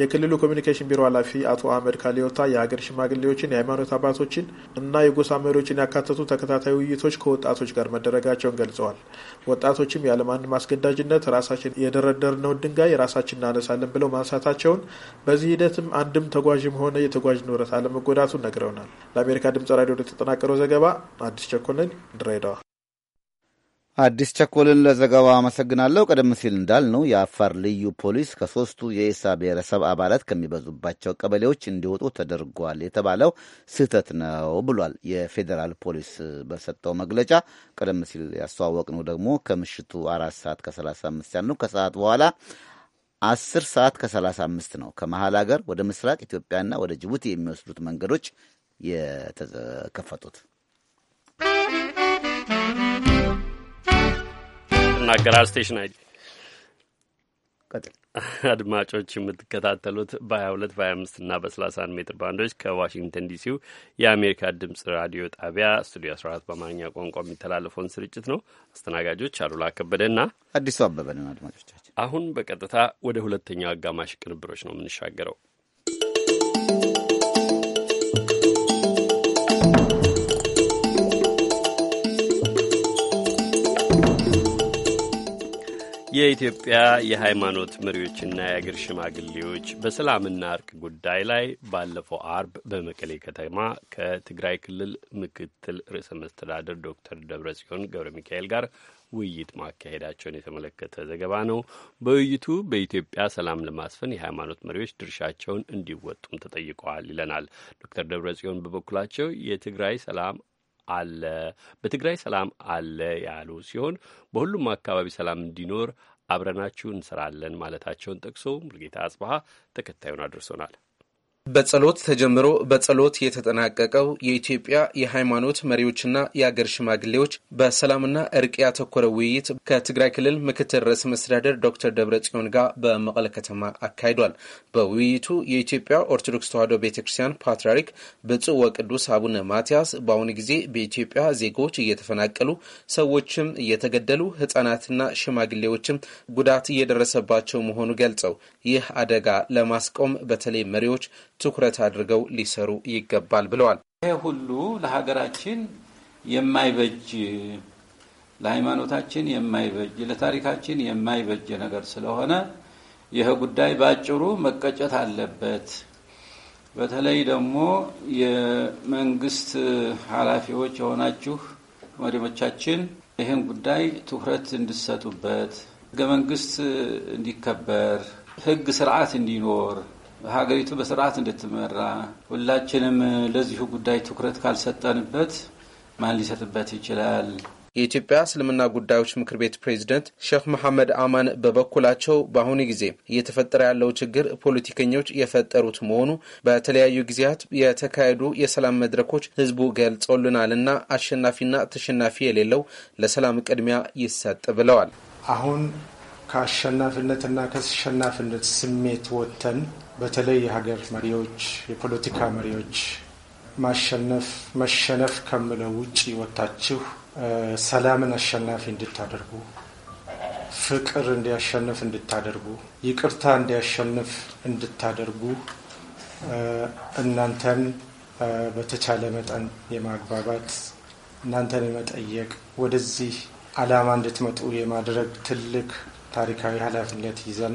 የክልሉ ኮሚኒኬሽን ቢሮ ኃላፊ አቶ አህመድ ካሊዮታ የሀገር ሽማግሌዎችን፣ የሃይማኖት አባቶችን እና የጎሳ መሪዎችን ያካተቱ ተከታታይ ውይይቶች ከወጣቶች ጋር መደረጋቸውን ገልጸዋል። ወጣቶችም ያለማንም አስገዳጅነት ራሳችን የደረደርነውን ድንጋይ ራሳችን እናነሳለን ብለው ማንሳታቸውን፣ በዚህ ሂደትም አንድም ተጓዥም ሆነ የተጓዥ ንብረት አለመጎዳቱን ነግረውናል። ለአሜሪካ ድምጽ ራዲዮ ለተጠናቀረው ዘገባ አዲስ ቸኮልን ድሬዳዋ አዲስ ቸኮልን ለዘገባው አመሰግናለሁ። ቀደም ሲል እንዳልነው የአፋር ልዩ ፖሊስ ከሶስቱ የኢሳ ብሔረሰብ አባላት ከሚበዙባቸው ቀበሌዎች እንዲወጡ ተደርጓል የተባለው ስህተት ነው ብሏል የፌዴራል ፖሊስ በሰጠው መግለጫ። ቀደም ሲል ያስተዋወቅነው ደግሞ ከምሽቱ አራት ሰዓት ከሰላሳ አምስት ያሉ ከሰዓት በኋላ አስር ሰዓት ከሰላሳ አምስት ነው ከመሀል ሀገር ወደ ምስራቅ ኢትዮጵያና ወደ ጅቡቲ የሚወስዱት መንገዶች የተከፈቱት። ይናገራል። ስቴሽን አይዲ አድማጮች የምትከታተሉት በ22 በ25 እና በ31 ሜትር ባንዶች ከዋሽንግተን ዲሲው የአሜሪካ ድምጽ ራዲዮ ጣቢያ ስቱዲዮ 14 በአማርኛ ቋንቋ የሚተላለፈውን ስርጭት ነው። አስተናጋጆች አሉላ ከበደና አዲሱ አበበ ነን። አድማጮቻችን አሁን በቀጥታ ወደ ሁለተኛው አጋማሽ ቅንብሮች ነው የምንሻገረው። የኢትዮጵያ የሃይማኖት መሪዎችና የአገር ሽማግሌዎች በሰላምና እርቅ ጉዳይ ላይ ባለፈው አርብ በመቀሌ ከተማ ከትግራይ ክልል ምክትል ርዕሰ መስተዳደር ዶክተር ደብረ ጽዮን ገብረ ሚካኤል ጋር ውይይት ማካሄዳቸውን የተመለከተ ዘገባ ነው። በውይይቱ በኢትዮጵያ ሰላም ለማስፈን የሃይማኖት መሪዎች ድርሻቸውን እንዲወጡም ተጠይቀዋል ይለናል። ዶክተር ደብረ ጽዮን በበኩላቸው የትግራይ ሰላም አለ፣ በትግራይ ሰላም አለ ያሉ ሲሆን በሁሉም አካባቢ ሰላም እንዲኖር አብረናችሁ እንሰራለን ማለታቸውን ጠቅሶ ሙልጌታ አጽበሀ ተከታዩን አድርሶናል። በጸሎት ተጀምሮ በጸሎት የተጠናቀቀው የኢትዮጵያ የሃይማኖት መሪዎችና የአገር ሽማግሌዎች በሰላምና እርቅ ያተኮረ ውይይት ከትግራይ ክልል ምክትል ርዕሰ መስተዳደር ዶክተር ደብረ ጽዮን ጋር በመቀለ ከተማ አካሂዷል። በውይይቱ የኢትዮጵያ ኦርቶዶክስ ተዋሕዶ ቤተ ክርስቲያን ፓትርያርክ ብፁዕ ወቅዱስ አቡነ ማትያስ በአሁኑ ጊዜ በኢትዮጵያ ዜጎች እየተፈናቀሉ ሰዎችም እየተገደሉ ህጻናትና ሽማግሌዎችም ጉዳት እየደረሰባቸው መሆኑ ገልጸው ይህ አደጋ ለማስቆም በተለይ መሪዎች ትኩረት አድርገው ሊሰሩ ይገባል ብለዋል። ይሄ ሁሉ ለሀገራችን የማይበጅ ለሃይማኖታችን የማይበጅ ለታሪካችን የማይበጅ ነገር ስለሆነ ይህ ጉዳይ በአጭሩ መቀጨት አለበት። በተለይ ደግሞ የመንግስት ኃላፊዎች የሆናችሁ መሪዎቻችን ይህን ጉዳይ ትኩረት እንድሰጡበት፣ ህገ መንግስት እንዲከበር፣ ህግ ስርዓት እንዲኖር ሀገሪቱ በስርዓት እንድትመራ ሁላችንም ለዚሁ ጉዳይ ትኩረት ካልሰጠንበት ማን ሊሰጥበት ይችላል? የኢትዮጵያ እስልምና ጉዳዮች ምክር ቤት ፕሬዝደንት ሼክ መሐመድ አማን በበኩላቸው በአሁኑ ጊዜ እየተፈጠረ ያለው ችግር ፖለቲከኞች የፈጠሩት መሆኑ በተለያዩ ጊዜያት የተካሄዱ የሰላም መድረኮች ህዝቡ ገልጾልናልና አሸናፊና ተሸናፊ የሌለው ለሰላም ቅድሚያ ይሰጥ ብለዋል። አሁን ከአሸናፊነትና ከአሸናፊነት ስሜት ወጥተን በተለይ የሀገር መሪዎች፣ የፖለቲካ መሪዎች ማሸነፍ መሸነፍ ከምለው ውጭ ወጥታችሁ ሰላምን አሸናፊ እንድታደርጉ፣ ፍቅር እንዲያሸንፍ እንድታደርጉ፣ ይቅርታ እንዲያሸንፍ እንድታደርጉ እናንተን በተቻለ መጠን የማግባባት እናንተን የመጠየቅ ወደዚህ ዓላማ እንድትመጡ የማድረግ ትልቅ ታሪካዊ ኃላፊነት ይዘን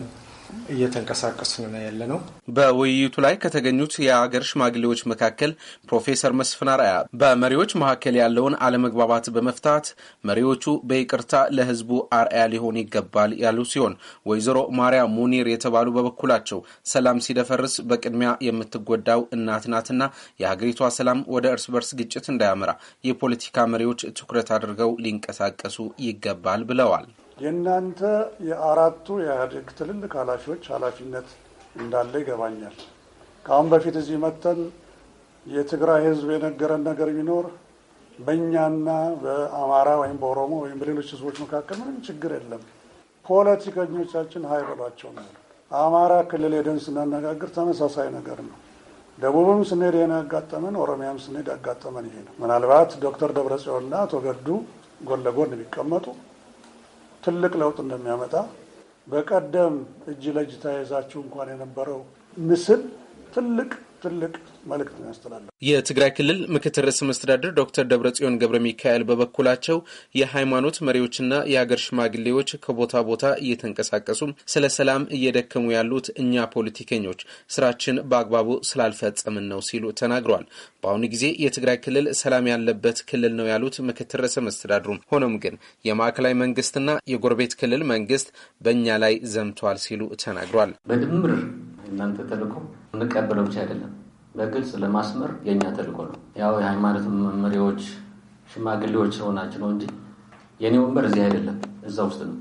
እየተንቀሳቀስን ነው ያለ ነው። በውይይቱ ላይ ከተገኙት የአገር ሽማግሌዎች መካከል ፕሮፌሰር መስፍን አርአያ በመሪዎች መካከል ያለውን አለመግባባት በመፍታት መሪዎቹ በይቅርታ ለሕዝቡ አርአያ ሊሆን ይገባል ያሉ ሲሆን ወይዘሮ ማርያም ሙኒር የተባሉ በበኩላቸው ሰላም ሲደፈርስ በቅድሚያ የምትጎዳው እናት ናትና የሀገሪቷ ሰላም ወደ እርስ በርስ ግጭት እንዳያመራ የፖለቲካ መሪዎች ትኩረት አድርገው ሊንቀሳቀሱ ይገባል ብለዋል። የእናንተ የአራቱ የኢህአዴግ ትልልቅ ኃላፊዎች ኃላፊነት እንዳለ ይገባኛል። ከአሁን በፊት እዚህ መጥተን የትግራይ ህዝብ የነገረን ነገር ቢኖር በእኛና በአማራ ወይም በኦሮሞ ወይም በሌሎች ህዝቦች መካከል ምንም ችግር የለም፣ ፖለቲከኞቻችን ሀይ በሏቸው ነው። አማራ ክልል ሄደን ስናነጋግር ተመሳሳይ ነገር ነው። ደቡብም ስንሄድ ይሄን ያጋጠመን፣ ኦሮሚያም ስንሄድ ያጋጠመን ይሄ ነው። ምናልባት ዶክተር ደብረጽዮንና አቶ ገዱ ጎን ለጎን የሚቀመጡ። ትልቅ ለውጥ እንደሚያመጣ በቀደም እጅ ለእጅ ተያይዛችሁ እንኳን የነበረው ምስል ትልቅ ትልቅ መልእክት ነው የትግራይ ክልል ምክትል ርዕሰ መስተዳድር ዶክተር ደብረጽዮን ገብረ ሚካኤል በበኩላቸው የሃይማኖት መሪዎችና የሀገር ሽማግሌዎች ከቦታ ቦታ እየተንቀሳቀሱ ስለ ሰላም እየደከሙ ያሉት እኛ ፖለቲከኞች ስራችን በአግባቡ ስላልፈጸምን ነው ሲሉ ተናግረዋል። በአሁኑ ጊዜ የትግራይ ክልል ሰላም ያለበት ክልል ነው ያሉት ምክትል ርዕሰ መስተዳድሩ፣ ሆኖም ግን የማዕከላዊ መንግስትና የጎረቤት ክልል መንግስት በእኛ ላይ ዘምቷል ሲሉ ተናግሯል። በድምር እናንተ ተልእኮ የምቀበለው ብቻ አይደለም፣ በግልጽ ለማስመር የእኛ ተልእኮ ነው። ያው የሃይማኖት መሪዎች ሽማግሌዎች ስለሆናችሁ ነው እንጂ የእኔ ወንበር እዚህ አይደለም፣ እዛ ውስጥ ነው።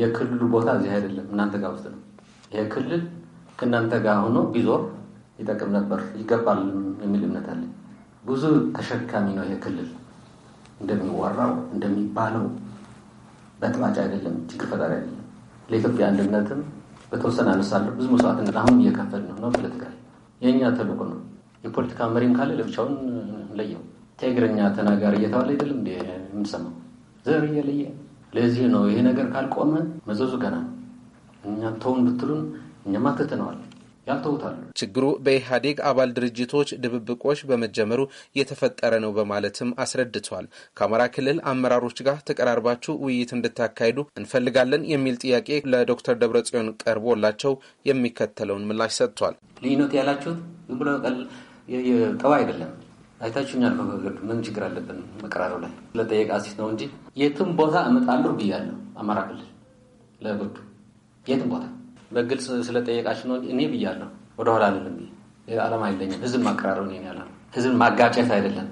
የክልሉ ቦታ እዚህ አይደለም፣ እናንተ ጋር ውስጥ ነው። ይሄ ክልል ከእናንተ ጋር ሆኖ ቢዞር ይጠቅም ነበር፣ ይገባል የሚል እምነት አለ። ብዙ ተሸካሚ ነው ይሄ ክልል እንደሚወራው እንደሚባለው በጥባጭ አይደለም፣ ችግር ፈጣሪ አይደለም። ለኢትዮጵያ አንድነትም በተወሰነ አነሳለሁ። ብዙ መስዋዕትነት አሁን እየከፈል ነው። ነው ፖለቲካ የእኛ ተልዕኮ ነው። የፖለቲካ መሪም ካለ ለብቻውን ለየው ትግርኛ ተናጋሪ እየተባለ አይደለም እንደ የምንሰማው ዘር እየለየ ለዚህ ነው። ይሄ ነገር ካልቆመ መዘዙ ገና ነው። እኛ ተውን ብትሉን እኛማ ትተነዋል። ያልተውታሉ። ችግሩ በኢህአዴግ አባል ድርጅቶች ድብብቆች በመጀመሩ የተፈጠረ ነው በማለትም አስረድቷል። ከአማራ ክልል አመራሮች ጋር ተቀራርባችሁ ውይይት እንድታካሂዱ እንፈልጋለን የሚል ጥያቄ ለዶክተር ደብረጽዮን ቀርቦላቸው የሚከተለውን ምላሽ ሰጥቷል። ልዩነት ያላችሁት ዝም ብሎ ቀባ አይደለም። አይታችሁኛል። መገገዱ ምን ችግር አለብን? መቀራረብ ላይ ለጠየቅ አሲት ነው እንጂ የትም ቦታ እመጣለሁ ብያለሁ። አማራ ክልል ለብርዱ የትም ቦታ በግልጽ ስለጠየቃችሁ ነው። እኔ ብያለሁ፣ ወደኋላ አይደለም ብዬ አለም አይለኝም። ህዝብን ማቀራረብ ነው ያለ ህዝብን ማጋጨት አይደለም።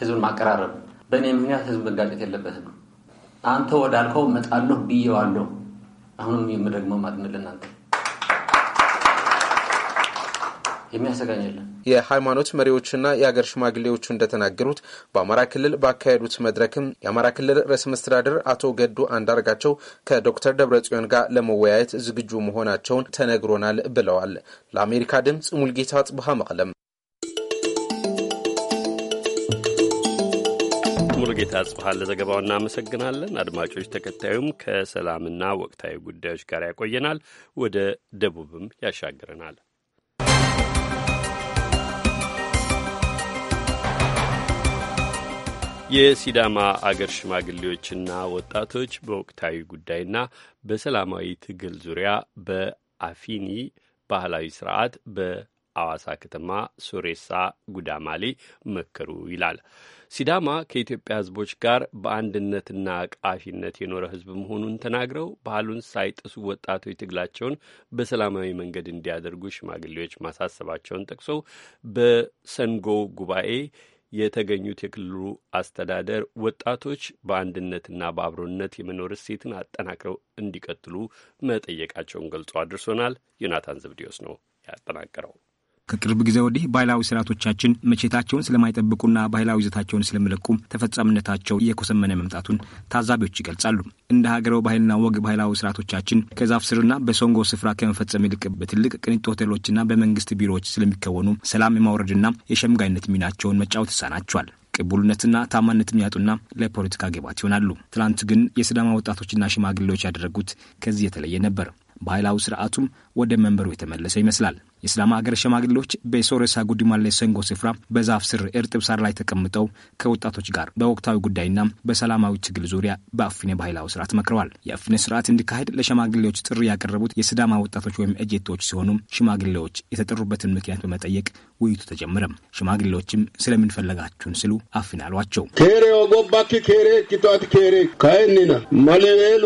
ህዝብን ማቀራረብ በእኔ ምክንያት ህዝብ መጋጨት የለበትም። አንተ ወዳልከው መጣለሁ ብዬዋለሁ። አሁንም የምደግመው ማድመል እናንተ የሚያሰጋኝ የለም። የሃይማኖት መሪዎችና የአገር ሽማግሌዎቹ እንደተናገሩት በአማራ ክልል ባካሄዱት መድረክም የአማራ ክልል ርዕሰ መስተዳድር አቶ ገዱ አንዳርጋቸው ከዶክተር ደብረጽዮን ጋር ለመወያየት ዝግጁ መሆናቸውን ተነግሮናል ብለዋል። ለአሜሪካ ድምፅ ሙልጌታ ጽብሃ መቀለም። ሙሉጌታ ጽብሃን ለዘገባው እናመሰግናለን። አድማጮች፣ ተከታዩም ከሰላምና ወቅታዊ ጉዳዮች ጋር ያቆየናል፣ ወደ ደቡብም ያሻግረናል። የሲዳማ አገር ሽማግሌዎችና ወጣቶች በወቅታዊ ጉዳይና በሰላማዊ ትግል ዙሪያ በአፊኒ ባህላዊ ስርዓት በአዋሳ ከተማ ሶሬሳ ጉዳማሌ መከሩ ይላል። ሲዳማ ከኢትዮጵያ ሕዝቦች ጋር በአንድነትና አቃፊነት የኖረ ሕዝብ መሆኑን ተናግረው ባህሉን ሳይጥሱ ወጣቶች ትግላቸውን በሰላማዊ መንገድ እንዲያደርጉ ሽማግሌዎች ማሳሰባቸውን ጠቅሶ በሰንጎ ጉባኤ የተገኙት የክልሉ አስተዳደር ወጣቶች በአንድነትና በአብሮነት የመኖር እሴትን አጠናክረው እንዲቀጥሉ መጠየቃቸውን ገልጾ አድርሶናል። ዮናታን ዘብዲዮስ ነው ያጠናቀረው። ከቅርብ ጊዜ ወዲህ ባህላዊ ስርዓቶቻችን መቼታቸውን ስለማይጠብቁና ባህላዊ ይዘታቸውን ስለሚለቁ ተፈጻሚነታቸው እየኮሰመነ መምጣቱን ታዛቢዎች ይገልጻሉ። እንደ ሀገራዊ ባህልና ወግ ባህላዊ ስርዓቶቻችን ከዛፍ ስርና በሶንጎ ስፍራ ከመፈጸም ይልቅ በትልቅ ቅንጡ ሆቴሎችና በመንግስት ቢሮዎች ስለሚከወኑ ሰላም የማውረድና የሸምጋይነት ሚናቸውን መጫወት ይሳናቸዋል። ቅቡልነትና ታማነት የሚያጡና ለፖለቲካ ግባት ይሆናሉ። ትላንት ግን የስዳማ ወጣቶችና ሽማግሌዎች ያደረጉት ከዚህ የተለየ ነበር። ባህላዊ ስርዓቱም ወደ መንበሩ የተመለሰ ይመስላል። የሲዳማ ሀገር ሸማግሌዎች በሶሬሳ ጉዲማሌ ሰንጎ ስፍራ በዛፍ ስር እርጥብ ሳር ላይ ተቀምጠው ከወጣቶች ጋር በወቅታዊ ጉዳይና በሰላማዊ ትግል ዙሪያ በአፍኔ ባህላዊ ስርዓት መክረዋል። የአፍኔ ስርዓት እንዲካሄድ ለሸማግሌዎች ጥሪ ያቀረቡት የስዳማ ወጣቶች ወይም እጀቶች ሲሆኑ ሽማግሌዎች የተጠሩበትን ምክንያት በመጠየቅ ውይይቱ ተጀምረም። ሽማግሌዎችም ስለምንፈለጋችሁን ሲሉ አፍኔ አሏቸው። ኬሬ ኦጎባኪ ኬሬ ኪቷት ኬሬ ካይኒና ማሊቤሉ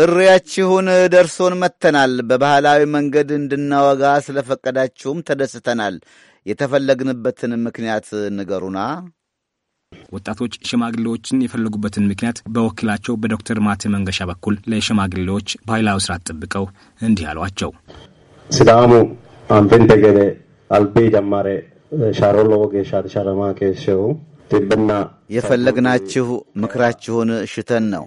ጥሪያችሁን ደርሶን መጥተናል። በባህላዊ መንገድ እንድናወጋ ስለፈቀዳችሁም ተደስተናል። የተፈለግንበትን ምክንያት ንገሩና ወጣቶች ሽማግሌዎችን የፈለጉበትን ምክንያት በወኪላቸው በዶክተር ማቴ መንገሻ በኩል ለሽማግሌዎች ባህላዊ ስርዓት ጠብቀው እንዲህ አሏቸው። ሲዳሙ አንፌን ተገደ አልቤ ደማሬ ሻሮሎ ወጌሻ ተሻለማ ትብና የፈለግናችሁ ምክራችሁን ሽተን ነው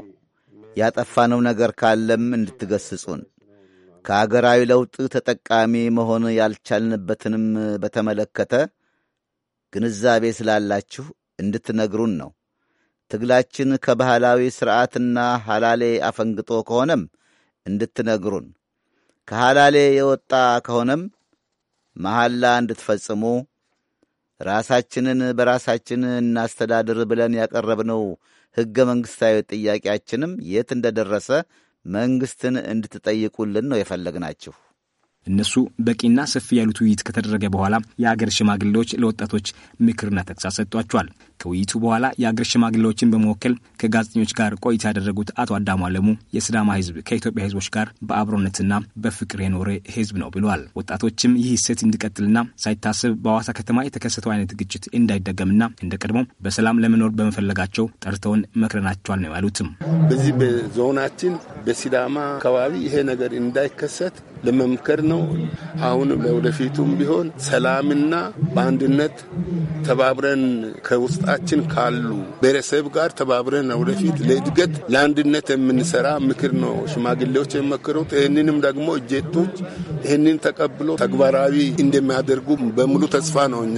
ያጠፋነው ነገር ካለም እንድትገስጹን ከአገራዊ ለውጥ ተጠቃሚ መሆን ያልቻልንበትንም በተመለከተ ግንዛቤ ስላላችሁ እንድትነግሩን ነው። ትግላችን ከባህላዊ ሥርዓትና ሐላሌ አፈንግጦ ከሆነም እንድትነግሩን፣ ከሐላሌ የወጣ ከሆነም መሐላ እንድትፈጽሙ ራሳችንን በራሳችን እናስተዳድር ብለን ያቀረብነው ሕገ መንግሥታዊ ጥያቄያችንም የት እንደደረሰ መንግሥትን እንድትጠይቁልን ነው የፈለግናችሁ። እነሱ በቂና ሰፊ ያሉት ውይይት ከተደረገ በኋላ የአገር ሽማግሌዎች ለወጣቶች ምክርና ተግሳጽ ሰጥቷቸዋል። ከውይይቱ በኋላ የአገር ሽማግሌዎችን በመወከል ከጋዜጠኞች ጋር ቆይታ ያደረጉት አቶ አዳሙ አለሙ የስዳማ ህዝብ ከኢትዮጵያ ህዝቦች ጋር በአብሮነትና በፍቅር የኖረ ህዝብ ነው ብለዋል። ወጣቶችም ይህ እሴት እንዲቀጥልና ሳይታሰብ በሐዋሳ ከተማ የተከሰተው አይነት ግጭት እንዳይደገምና እንደ ቀድሞ በሰላም ለመኖር በመፈለጋቸው ጠርተውን መክረናቸዋል ነው ያሉትም። በዚህ በዞናችን በሲዳማ አካባቢ ይሄ ነገር እንዳይከሰት ለመምከር ነው። አሁን ለወደፊቱም ቢሆን ሰላምና በአንድነት ተባብረን ከውስጥ በውስጣችን ካሉ ብሔረሰብ ጋር ተባብረን ወደፊት ለእድገት ለአንድነት የምንሰራ ምክር ነው ሽማግሌዎች የመክሩት። ይህንንም ደግሞ እጀቶች ይህንን ተቀብሎ ተግባራዊ እንደሚያደርጉ በሙሉ ተስፋ ነው እኛ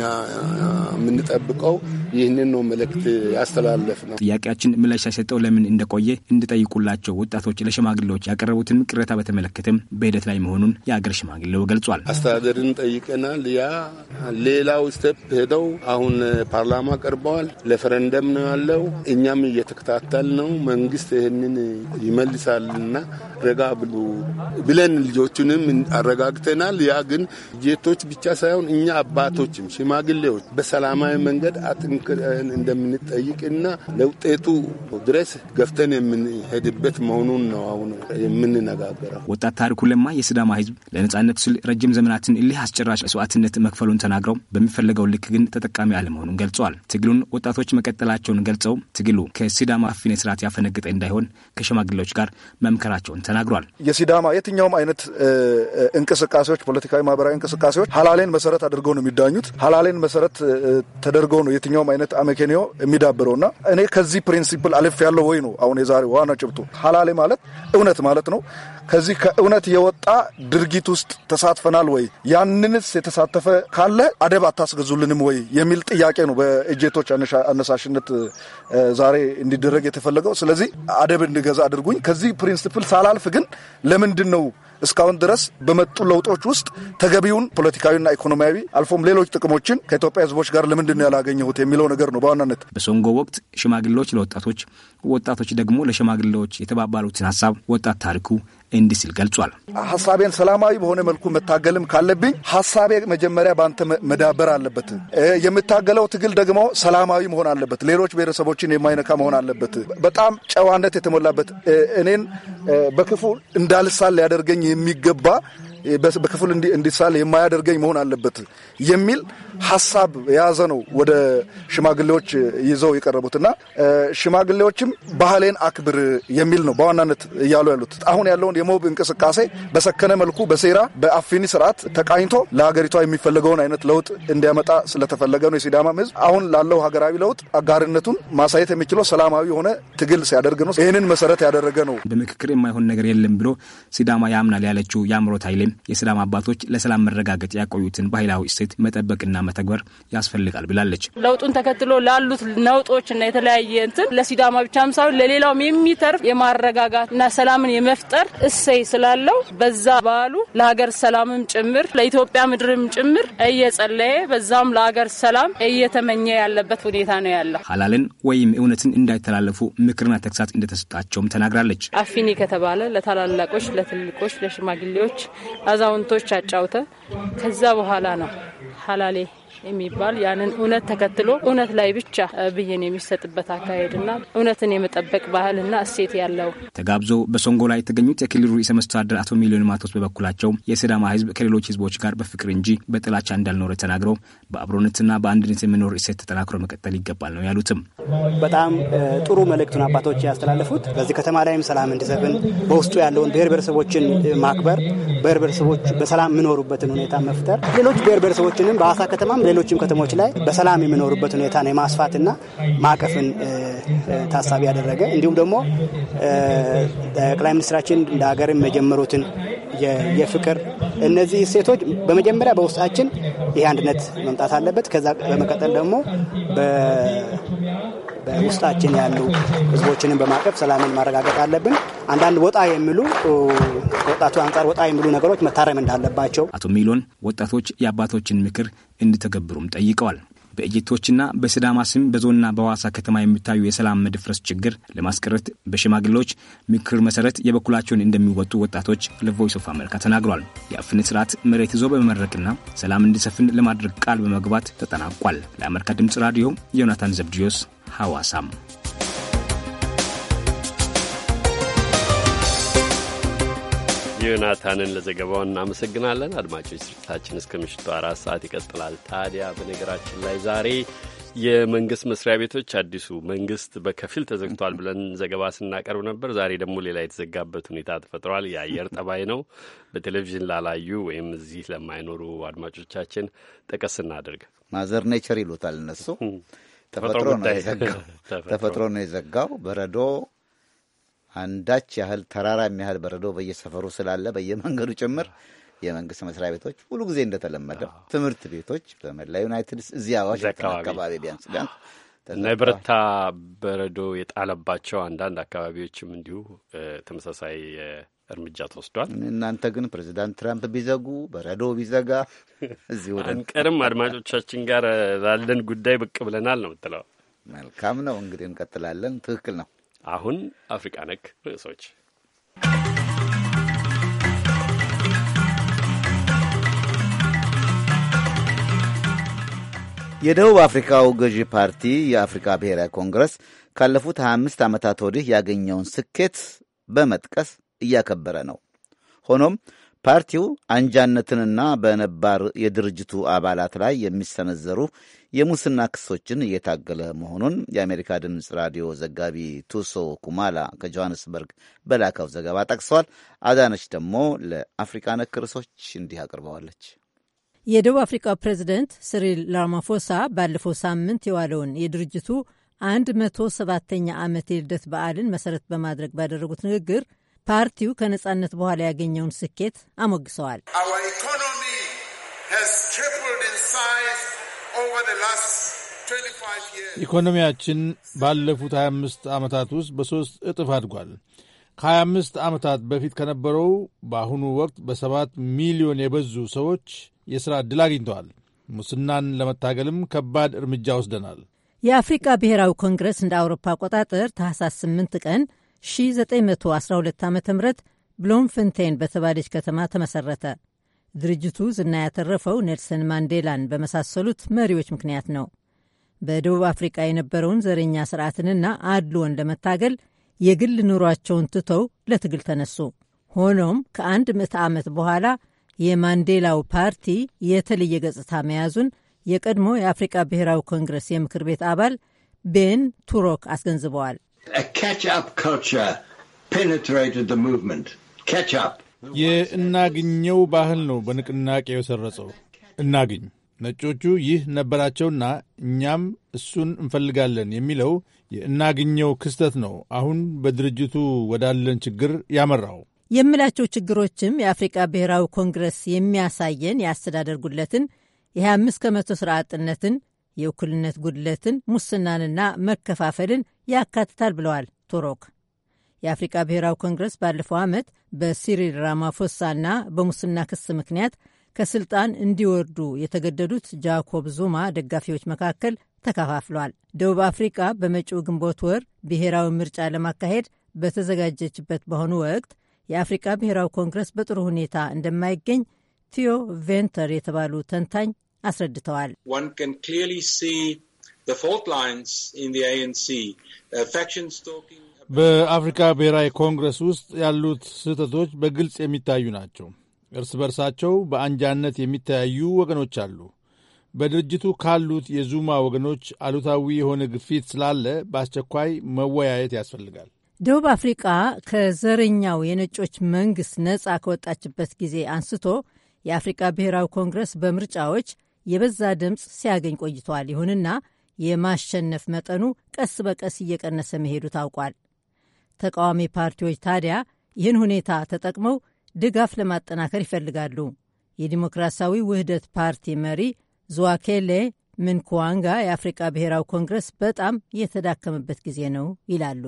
የምንጠብቀው። ይህንን ነው መልእክት ያስተላለፍ ነው። ጥያቄያችን ምላሽ ሳይሰጠው ለምን እንደቆየ እንድጠይቁላቸው ወጣቶች ለሽማግሌዎች ያቀረቡትን ቅሬታ በተመለከተም በሂደት ላይ መሆኑን የአገር ሽማግሌው ገልጿል። አስተዳደርን ጠይቀናል። ያ ሌላው ስቴፕ ሄደው አሁን ፓርላማ ቀርበዋል። ተጠይቋል። ለፈረንደም ነው ያለው። እኛም እየተከታተል ነው። መንግስት ይህንን ይመልሳልና ረጋ ብሉ ብለን ልጆቹንም አረጋግተናል። ያ ግን ጄቶች ብቻ ሳይሆን እኛ አባቶችም ሽማግሌዎች በሰላማዊ መንገድ አጥንክረን እንደምንጠይቅና ለውጤቱ ድረስ ገፍተን የምንሄድበት መሆኑን ነው አሁን የምንነጋገረው። ወጣት ታሪኩ ለማ የስዳማ ህዝብ ለነጻነት ስል ረጅም ዘመናትን እልህ አስጨራሽ መስዋዕትነት መክፈሉን ተናግረው በሚፈለገው ልክ ግን ተጠቃሚ አለመሆኑን ገልጿል። ትግሉን ወጣቶች መቀጠላቸውን ገልጸው ትግሉ ከሲዳማ አፍኔ ስርዓት ያፈነግጠ እንዳይሆን ከሽማግሌዎች ጋር መምከራቸውን ተናግሯል። የሲዳማ የትኛውም አይነት እንቅስቃሴዎች፣ ፖለቲካዊ፣ ማህበራዊ እንቅስቃሴዎች ሀላሌን መሰረት አድርገው ነው የሚዳኙት። ሀላሌን መሰረት ተደርገው ነው የትኛውም አይነት አመኬንዮ የሚዳብረው እና እኔ ከዚህ ፕሪንሲፕል አልፍ ያለው ወይ ነው አሁን የዛሬ ዋና ጭብጡ ሀላሌ ማለት እውነት ማለት ነው። ከዚህ ከእውነት የወጣ ድርጊት ውስጥ ተሳትፈናል ወይ? ያንንስ የተሳተፈ ካለ አደብ አታስገዙልንም ወይ የሚል ጥያቄ ነው በእጀቶች አነሳሽነት ዛሬ እንዲደረግ የተፈለገው። ስለዚህ አደብ እንድገዛ አድርጉኝ። ከዚህ ፕሪንስፕል ሳላልፍ ግን ለምንድን ነው እስካሁን ድረስ በመጡ ለውጦች ውስጥ ተገቢውን ፖለቲካዊና ኢኮኖሚያዊ አልፎም ሌሎች ጥቅሞችን ከኢትዮጵያ ህዝቦች ጋር ለምንድን ነው ያላገኘሁት የሚለው ነገር ነው በዋናነት በሶንጎ ወቅት ሽማግሌዎች ለወጣቶች ወጣቶች ደግሞ ለሽማግሌዎች የተባባሉትን ሀሳብ ወጣት ታሪኩ እንዲህ ሲል ገልጿል። ሀሳቤን ሰላማዊ በሆነ መልኩ መታገልም ካለብኝ ሀሳቤ መጀመሪያ በአንተ መዳበር አለበት። የምታገለው ትግል ደግሞ ሰላማዊ መሆን አለበት። ሌሎች ብሔረሰቦችን የማይነካ መሆን አለበት። በጣም ጨዋነት የተሞላበት እኔን በክፉ እንዳልሳል ሊያደርገኝ የሚገባ በክፍል እንዲሳል የማያደርገኝ መሆን አለበት የሚል ሀሳብ የያዘ ነው ወደ ሽማግሌዎች ይዘው የቀረቡትና ሽማግሌዎችም ባህሌን አክብር የሚል ነው በዋናነት እያሉ ያሉት። አሁን ያለውን የሞብ እንቅስቃሴ በሰከነ መልኩ በሴራ በአፊኒ ስርዓት ተቃኝቶ ለሀገሪቷ የሚፈለገውን አይነት ለውጥ እንዲያመጣ ስለተፈለገ ነው። የሲዳማ ህዝብ አሁን ላለው ሀገራዊ ለውጥ አጋርነቱን ማሳየት የሚችለው ሰላማዊ የሆነ ትግል ሲያደርግ ነው። ይህንን መሰረት ያደረገ ነው። በምክክር የማይሆን ነገር የለም ብሎ ሲዳማ ያምናል ያለችው የአእምሮት ኃይሌም የሲዳማ አባቶች ለሰላም መረጋገጥ ያቆዩትን ባህላዊ እሴት መጠበቅና መተግበር ያስፈልጋል ብላለች። ለውጡን ተከትሎ ላሉት ነውጦችና የተለያየ እንትን ለሲዳማ ብቻም ሳይሆን ለሌላውም የሚተርፍ የማረጋጋት እና ሰላምን የመፍጠር እሰይ ስላለው በዛ በዓሉ ለሀገር ሰላምም ጭምር ለኢትዮጵያ ምድርም ጭምር እየጸለየ በዛም ለሀገር ሰላም እየተመኘ ያለበት ሁኔታ ነው ያለው። ሀላልን ወይም እውነትን እንዳይተላለፉ ምክርና ተግሳት እንደተሰጣቸውም ተናግራለች። አፊኒ ከተባለ ለታላላቆች፣ ለትልቆች፣ ለሽማግሌዎች፣ አዛውንቶች አጫውተ ከዛ በኋላ ነው ሀላሌ የሚባል ያንን እውነት ተከትሎ እውነት ላይ ብቻ ብይን የሚሰጥበት አካሄድና እውነትን የመጠበቅ ባህልና እሴት ያለው ተጋብዞ በሶንጎ ላይ የተገኙት የክልሉ ርዕሰ መስተዳድር አቶ ሚሊዮን ማቶስ በበኩላቸው የሲዳማ ህዝብ ከሌሎች ህዝቦች ጋር በፍቅር እንጂ በጥላቻ እንዳልኖረ ተናግረው በአብሮነትና በአንድነት የሚኖር እሴት ተጠናክሮ መቀጠል ይገባል ነው ያሉትም። በጣም ጥሩ መልእክቱን አባቶች ያስተላለፉት በዚህ ከተማ ላይም ሰላም እንዲሰፍን በውስጡ ያለውን ብሔር ብሔረሰቦችን ማክበር፣ ብሔር ብሔረሰቦች በሰላም የሚኖሩበትን ሁኔታ መፍጠር ሌሎች ብሔር ብሔረሰቦችንም በአዋሳ ከተማም ሌሎችም ከተሞች ላይ በሰላም የሚኖሩበት ነው የማስፋትና ማዕቀፍን ታሳቢ ያደረገ እንዲሁም ደግሞ ጠቅላይ ሚኒስትራችን እንደ ሀገርም የጀመሩትን የፍቅር እነዚህ ሴቶች በመጀመሪያ በውስጣችን ይህ አንድነት መምጣት አለበት። ከዛ በመቀጠል ደግሞ በውስጣችን ያሉ ህዝቦችንም በማቀፍ ሰላምን ማረጋገጥ አለብን። አንዳንድ ወጣ የሚሉ ወጣቱ አንጻር ወጣ የሚሉ ነገሮች መታረም እንዳለባቸው አቶ ሚሎን ወጣቶች የአባቶችን ምክር እንዲተገብሩም ጠይቀዋል። በእጅቶችና በስዳማ ስም በዞንና በሐዋሳ ከተማ የሚታዩ የሰላም መደፍረስ ችግር ለማስቀረት በሽማግሌዎች ምክር መሰረት የበኩላቸውን እንደሚወጡ ወጣቶች ለቮይስ ኦፍ አሜሪካ ተናግሯል። የአፍን ስርዓት መሬት ይዞ በመመረቅና ሰላም እንዲሰፍን ለማድረግ ቃል በመግባት ተጠናቋል። ለአሜሪካ ድምፅ ራዲዮ ዮናታን ዘብድዮስ ሐዋሳም ዮናታንን ለዘገባው እናመሰግናለን። አድማጮች ስርጭታችን እስከ ምሽቱ አራት ሰዓት ይቀጥላል። ታዲያ በነገራችን ላይ ዛሬ የመንግስት መስሪያ ቤቶች አዲሱ መንግስት በከፊል ተዘግቷል ብለን ዘገባ ስናቀርብ ነበር። ዛሬ ደግሞ ሌላ የተዘጋበት ሁኔታ ተፈጥሯል። የአየር ጠባይ ነው። በቴሌቪዥን ላላዩ ወይም እዚህ ለማይኖሩ አድማጮቻችን ጠቀስ እናደርግ ማዘር ኔቸር ይሉታል እነሱ ተፈጥሮ ነው የዘጋው። ተፈጥሮ ነው የዘጋው። በረዶ አንዳች ያህል ተራራ የሚያህል በረዶ በየሰፈሩ ስላለ በየመንገዱ ጭምር የመንግስት መስሪያ ቤቶች ሁሉ ጊዜ እንደተለመደ ትምህርት ቤቶች በመላ ዩናይትድ እዚህ ዋሽንግተን አካባቢ ቢያንስ ቢያንስ እና የበረታ በረዶ የጣለባቸው አንዳንድ አካባቢዎችም እንዲሁ ተመሳሳይ እርምጃ ተወስዷል። እናንተ ግን ፕሬዚዳንት ትራምፕ ቢዘጉ በረዶ ቢዘጋ እዚህ ወደ አንቀርም አድማጮቻችን ጋር ላለን ጉዳይ ብቅ ብለናል ነው ምትለው። መልካም ነው እንግዲህ እንቀጥላለን። ትክክል ነው። አሁን አፍሪቃ ነክ ርዕሶች የደቡብ አፍሪካው ገዢ ፓርቲ የአፍሪካ ብሔራዊ ኮንግረስ ካለፉት 25 ዓመታት ወዲህ ያገኘውን ስኬት በመጥቀስ እያከበረ ነው። ሆኖም ፓርቲው አንጃነትንና በነባር የድርጅቱ አባላት ላይ የሚሰነዘሩ የሙስና ክሶችን እየታገለ መሆኑን የአሜሪካ ድምፅ ራዲዮ ዘጋቢ ቱሶ ኩማላ ከጆሃንስበርግ በላከው ዘገባ ጠቅሰዋል። አዳነች ደግሞ ለአፍሪካ ነክ ርዕሶች እንዲህ አቅርበዋለች። የደቡብ አፍሪካ ፕሬዚደንት ስሪል ራማፎሳ ባለፈው ሳምንት የዋለውን የድርጅቱ 107ኛ ዓመት የልደት በዓልን መሰረት በማድረግ ባደረጉት ንግግር ፓርቲው ከነጻነት በኋላ ያገኘውን ስኬት አሞግሰዋል። ኢኮኖሚያችን ባለፉት 25 ዓመታት ውስጥ በሦስት እጥፍ አድጓል። ከ25 ዓመታት በፊት ከነበረው በአሁኑ ወቅት በሰባት ሚሊዮን የበዙ ሰዎች የሥራ ዕድል አግኝተዋል። ሙስናን ለመታገልም ከባድ እርምጃ ወስደናል። የአፍሪካ ብሔራዊ ኮንግረስ እንደ አውሮፓ አቆጣጠር ታህሳስ 8 ቀን 1912 ዓ ም ብሎምፍንቴን በተባለች ከተማ ተመሰረተ። ድርጅቱ ዝና ያተረፈው ኔልሰን ማንዴላን በመሳሰሉት መሪዎች ምክንያት ነው። በደቡብ አፍሪቃ የነበረውን ዘረኛ ስርዓትንና አድልዎን ለመታገል የግል ኑሯቸውን ትተው ለትግል ተነሱ። ሆኖም ከአንድ ምዕተ ዓመት በኋላ የማንዴላው ፓርቲ የተለየ ገጽታ መያዙን የቀድሞ የአፍሪቃ ብሔራዊ ኮንግረስ የምክር ቤት አባል ቤን ቱሮክ አስገንዝበዋል። የእናግኘው ባህል ነው በንቅናቄ የሰረጸው። እናግኝ ነጮቹ ይህ ነበራቸውና እኛም እሱን እንፈልጋለን የሚለው የእናግኘው ክስተት ነው አሁን በድርጅቱ ወዳለን ችግር ያመራው። የምላቸው ችግሮችም የአፍሪቃ ብሔራዊ ኮንግረስ የሚያሳየን የአስተዳደር ጉድለትን፣ የ25 ከመቶ ስራ የእኩልነት ጉድለትን፣ ሙስናንና መከፋፈልን ያካትታል ብለዋል ቱሮክ። የአፍሪቃ ብሔራዊ ኮንግረስ ባለፈው ዓመት በሲሪል ራማፎሳና በሙስና ክስ ምክንያት ከስልጣን እንዲወርዱ የተገደዱት ጃኮብ ዙማ ደጋፊዎች መካከል ተከፋፍሏል። ደቡብ አፍሪቃ በመጪው ግንቦት ወር ብሔራዊ ምርጫ ለማካሄድ በተዘጋጀችበት በአሁኑ ወቅት የአፍሪቃ ብሔራዊ ኮንግረስ በጥሩ ሁኔታ እንደማይገኝ ቲዮ ቬንተር የተባሉ ተንታኝ አስረድተዋል። uh, በአፍሪካ ብሔራዊ ኮንግረስ ውስጥ ያሉት ስህተቶች በግልጽ የሚታዩ ናቸው። እርስ በርሳቸው በአንጃነት የሚተያዩ ወገኖች አሉ። በድርጅቱ ካሉት የዙማ ወገኖች አሉታዊ የሆነ ግፊት ስላለ በአስቸኳይ መወያየት ያስፈልጋል። ደቡብ አፍሪቃ ከዘረኛው የነጮች መንግሥት ነጻ ከወጣችበት ጊዜ አንስቶ የአፍሪቃ ብሔራዊ ኮንግረስ በምርጫዎች የበዛ ድምፅ ሲያገኝ ቆይቷል። ይሁንና የማሸነፍ መጠኑ ቀስ በቀስ እየቀነሰ መሄዱ ታውቋል። ተቃዋሚ ፓርቲዎች ታዲያ ይህን ሁኔታ ተጠቅመው ድጋፍ ለማጠናከር ይፈልጋሉ። የዲሞክራሲያዊ ውህደት ፓርቲ መሪ ዙዋኬሌ ምንኩዋንጋ የአፍሪቃ ብሔራዊ ኮንግረስ በጣም የተዳከመበት ጊዜ ነው ይላሉ።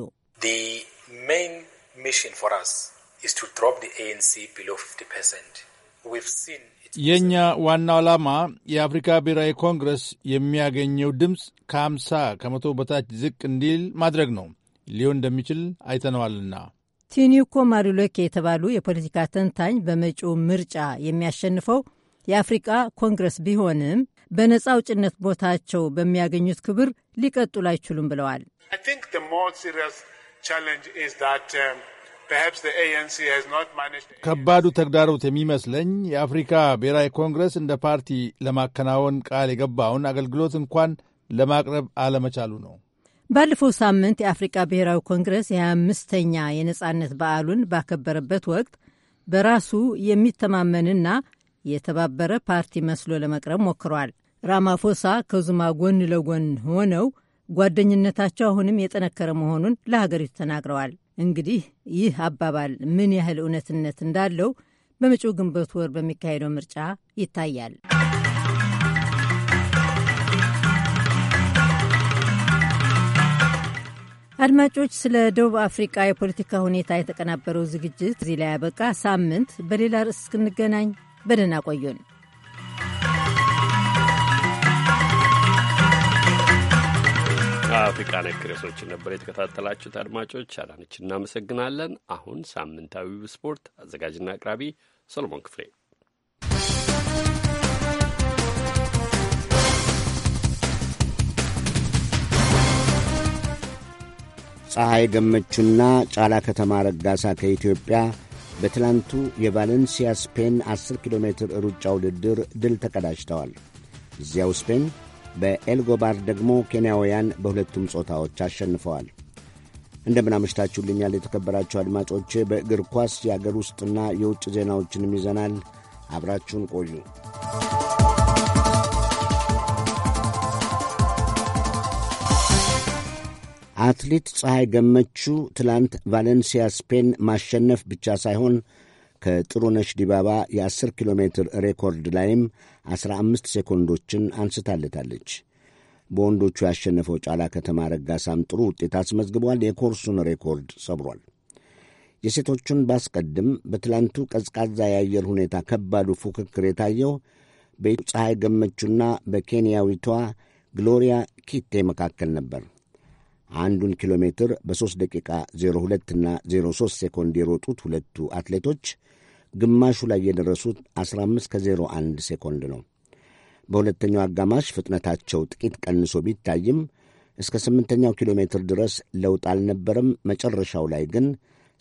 የእኛ ዋናው ዓላማ የአፍሪካ ብሔራዊ ኮንግረስ የሚያገኘው ድምፅ ከአምሳ ከመቶ በታች ዝቅ እንዲል ማድረግ ነው። ሊሆን እንደሚችል አይተነዋልና። ቲኒኮ ማዱሎኬ የተባሉ የፖለቲካ ተንታኝ በመጪው ምርጫ የሚያሸንፈው የአፍሪቃ ኮንግረስ ቢሆንም በነፃ ውጭነት ቦታቸው በሚያገኙት ክብር ሊቀጥሉ አይችሉም ብለዋል። ከባዱ ተግዳሮት የሚመስለኝ የአፍሪካ ብሔራዊ ኮንግረስ እንደ ፓርቲ ለማከናወን ቃል የገባውን አገልግሎት እንኳን ለማቅረብ አለመቻሉ ነው። ባለፈው ሳምንት የአፍሪካ ብሔራዊ ኮንግረስ የ25ኛ የነጻነት በዓሉን ባከበረበት ወቅት በራሱ የሚተማመንና የተባበረ ፓርቲ መስሎ ለመቅረብ ሞክሯል። ራማፎሳ ከዙማ ጎን ለጎን ሆነው ጓደኝነታቸው አሁንም የጠነከረ መሆኑን ለሀገሪቱ ተናግረዋል። እንግዲህ ይህ አባባል ምን ያህል እውነትነት እንዳለው በመጪው ግንቦት ወር በሚካሄደው ምርጫ ይታያል። አድማጮች፣ ስለ ደቡብ አፍሪቃ የፖለቲካ ሁኔታ የተቀናበረው ዝግጅት እዚህ ላይ ያበቃ። ሳምንት በሌላ ርዕስ እስክንገናኝ በደህና ቆዩን። አፍሪቃ ነክ ርዕሶችን ነበር የተከታተላችሁት አድማጮች። አዳነች እናመሰግናለን። አሁን ሳምንታዊው ስፖርት አዘጋጅና አቅራቢ ሰሎሞን ክፍሌ ፀሐይ ገመቹና ጫላ ከተማ ረጋሳ ከኢትዮጵያ በትላንቱ የቫሌንሲያ ስፔን 10 ኪሎ ሜትር ሩጫ ውድድር ድል ተቀዳጅተዋል። እዚያው ስፔን በኤልጎባር ደግሞ ኬንያውያን በሁለቱም ጾታዎች አሸንፈዋል። እንደምን አመሽታችሁልኛል የተከበራችሁ አድማጮች። በእግር ኳስ የአገር ውስጥና የውጭ ዜናዎችንም ይዘናል። አብራችሁን ቆዩ። አትሌት ፀሐይ ገመቹ ትላንት ቫሌንሲያ ስፔን ማሸነፍ ብቻ ሳይሆን ከጥሩነሽ ዲባባ የ10 ኪሎ ሜትር ሬኮርድ ላይም 15 ሴኮንዶችን አንስታለታለች። በወንዶቹ ያሸነፈው ጫላ ከተማ ረጋሳም ጥሩ ውጤት አስመዝግቧል። የኮርሱን ሬኮርድ ሰብሯል። የሴቶቹን ባስቀድም በትላንቱ ቀዝቃዛ የአየር ሁኔታ ከባዱ ፉክክር የታየው በፀሐይ ገመቹና በኬንያዊቷ ግሎሪያ ኪቴ መካከል ነበር። አንዱን ኪሎ ሜትር በ3 ደቂቃ 02 እና 03 ሴኮንድ የሮጡት ሁለቱ አትሌቶች ግማሹ ላይ የደረሱት 15 ከ01 ሴኮንድ ነው። በሁለተኛው አጋማሽ ፍጥነታቸው ጥቂት ቀንሶ ቢታይም እስከ ስምንተኛው ኪሎ ሜትር ድረስ ለውጥ አልነበረም። መጨረሻው ላይ ግን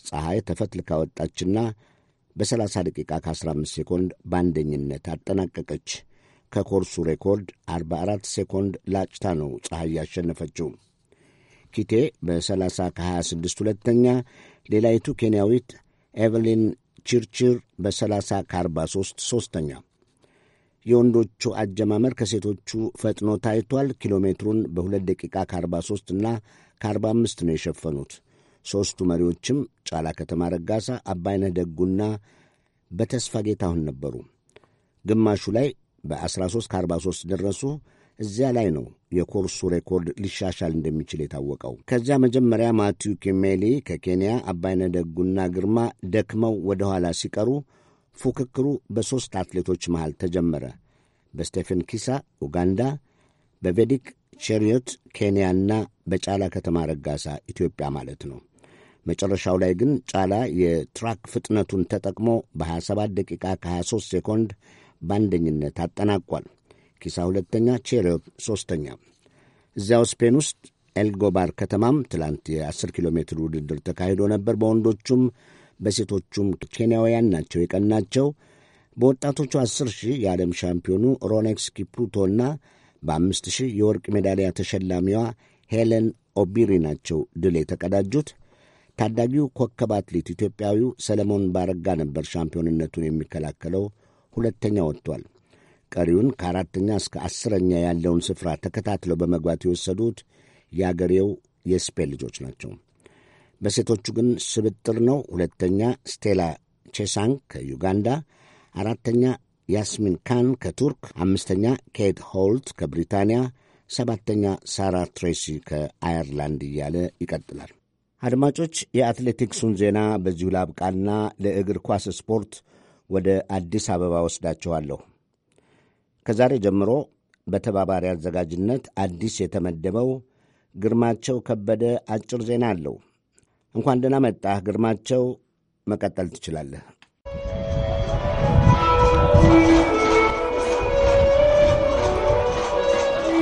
ፀሐይ ተፈትልካ ወጣችና በ30 ደቂቃ ከ15 ሴኮንድ በአንደኝነት አጠናቀቀች። ከኮርሱ ሬኮርድ 44 ሴኮንድ ላጭታ ነው ፀሐይ ያሸነፈችው። ኪቴ በ30 ከ26 ሁለተኛ፣ ሌላይቱ ኬንያዊት ኤቨሊን ችርችር በ30 ከ43 ሦስተኛ። የወንዶቹ አጀማመር ከሴቶቹ ፈጥኖ ታይቷል። ኪሎ ሜትሩን በ2 ደቂቃ ከ43 እና ከ45 ነው የሸፈኑት። ሦስቱ መሪዎችም ጫላ ከተማ ረጋሳ፣ አባይነህ ደጉና በተስፋ ጌታሁን ነበሩ። ግማሹ ላይ በ13 ከ43 ደረሱ። እዚያ ላይ ነው የኮርሱ ሬኮርድ ሊሻሻል እንደሚችል የታወቀው። ከዚያ መጀመሪያ ማቲው ኪሜሊ ከኬንያ፣ አባይነ ደጉና ግርማ ደክመው ወደ ኋላ ሲቀሩ ፉክክሩ በሦስት አትሌቶች መሃል ተጀመረ። በስቴፈን ኪሳ ኡጋንዳ፣ በቬዲክ ቼሪዮት ኬንያና በጫላ ከተማ ረጋሳ ኢትዮጵያ ማለት ነው። መጨረሻው ላይ ግን ጫላ የትራክ ፍጥነቱን ተጠቅሞ በ27 ደቂቃ ከ23 ሴኮንድ በአንደኝነት አጠናቋል። ኪሳ ሁለተኛ፣ ቼሬቭ ሦስተኛ። እዚያው ስፔን ውስጥ ኤልጎባር ከተማም ትላንት የ 1 ኪሎ ሜትር ውድድር ተካሂዶ ነበር። በወንዶቹም በሴቶቹም ኬንያውያን ናቸው የቀናቸው። በወጣቶቹ 10 ሺህ የዓለም ሻምፒዮኑ ሮኔክስ ኪፕሩቶና በአምስት ሺህ የወርቅ ሜዳሊያ ተሸላሚዋ ሄለን ኦቢሪ ናቸው ድል የተቀዳጁት። ታዳጊው ኮከብ አትሌት ኢትዮጵያዊው ሰለሞን ባረጋ ነበር ሻምፒዮንነቱን የሚከላከለው፣ ሁለተኛ ወጥቷል። ቀሪውን ከአራተኛ እስከ አስረኛ ያለውን ስፍራ ተከታትለው በመግባት የወሰዱት የአገሬው የስፔን ልጆች ናቸው። በሴቶቹ ግን ስብጥር ነው። ሁለተኛ ስቴላ ቼሳን ከዩጋንዳ፣ አራተኛ ያስሚን ካን ከቱርክ፣ አምስተኛ ኬት ሆልት ከብሪታንያ፣ ሰባተኛ ሳራ ትሬሲ ከአየርላንድ እያለ ይቀጥላል። አድማጮች፣ የአትሌቲክሱን ዜና በዚሁ ላብቃና ለእግር ኳስ ስፖርት ወደ አዲስ አበባ ወስዳችኋለሁ። ከዛሬ ጀምሮ በተባባሪ አዘጋጅነት አዲስ የተመደበው ግርማቸው ከበደ አጭር ዜና አለው። እንኳን ደህና መጣህ ግርማቸው፣ መቀጠል ትችላለህ።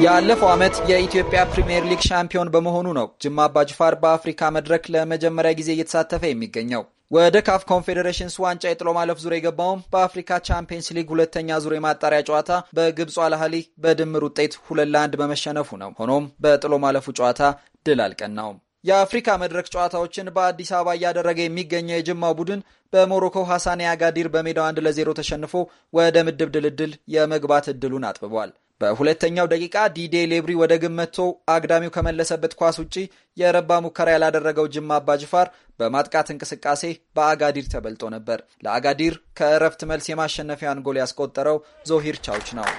ያለፈው ዓመት የኢትዮጵያ ፕሪምየር ሊግ ሻምፒዮን በመሆኑ ነው ጅማ አባጅፋር በአፍሪካ መድረክ ለመጀመሪያ ጊዜ እየተሳተፈ የሚገኘው። ወደ ካፍ ኮንፌዴሬሽንስ ዋንጫ የጥሎ ማለፍ ዙር የገባውም በአፍሪካ ቻምፒየንስ ሊግ ሁለተኛ ዙር የማጣሪያ ጨዋታ በግብፁ አልሃሊ በድምር ውጤት ሁለት ለአንድ በመሸነፉ ነው። ሆኖም በጥሎ ማለፉ ጨዋታ ድል አልቀናውም። የአፍሪካ መድረክ ጨዋታዎችን በአዲስ አበባ እያደረገ የሚገኘው የጅማው ቡድን በሞሮኮ ሐሳኔ አጋዲር በሜዳው አንድ ለዜሮ ተሸንፎ ወደ ምድብ ድልድል የመግባት እድሉን አጥብቧል። በሁለተኛው ደቂቃ ዲዴ ሌብሪ ወደ ግብ መጥቶ አግዳሚው ከመለሰበት ኳስ ውጪ የረባ ሙከራ ያላደረገው ጅማ አባጅፋር በማጥቃት እንቅስቃሴ በአጋዲር ተበልጦ ነበር። ለአጋዲር ከእረፍት መልስ የማሸነፊያን ጎል ያስቆጠረው ዞሂር ቻውች ነው።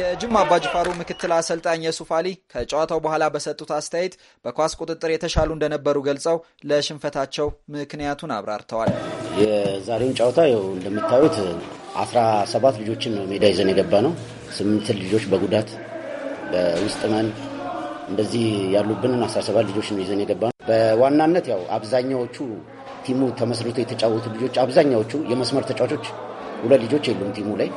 የጅማ አባጅፋሩ ምክትል አሰልጣኝ የሱፍ አሊ ከጨዋታው በኋላ በሰጡት አስተያየት በኳስ ቁጥጥር የተሻሉ እንደነበሩ ገልጸው ለሽንፈታቸው ምክንያቱን አብራርተዋል። የዛሬውን ጨዋታ ው እንደምታዩት አስራ ሰባት ልጆችን ነው ሜዳ ይዘን የገባ ነው። ስምንት ልጆች በጉዳት በውስጥ መን እንደዚህ ያሉብንን አስራ ሰባት ልጆች ነው ይዘን የገባ ነው። በዋናነት ያው አብዛኛዎቹ ቲሙ ተመስርቶ የተጫወቱ ልጆች አብዛኛዎቹ የመስመር ተጫዋቾች ሁለት ልጆች የሉም ቲሙ ላይ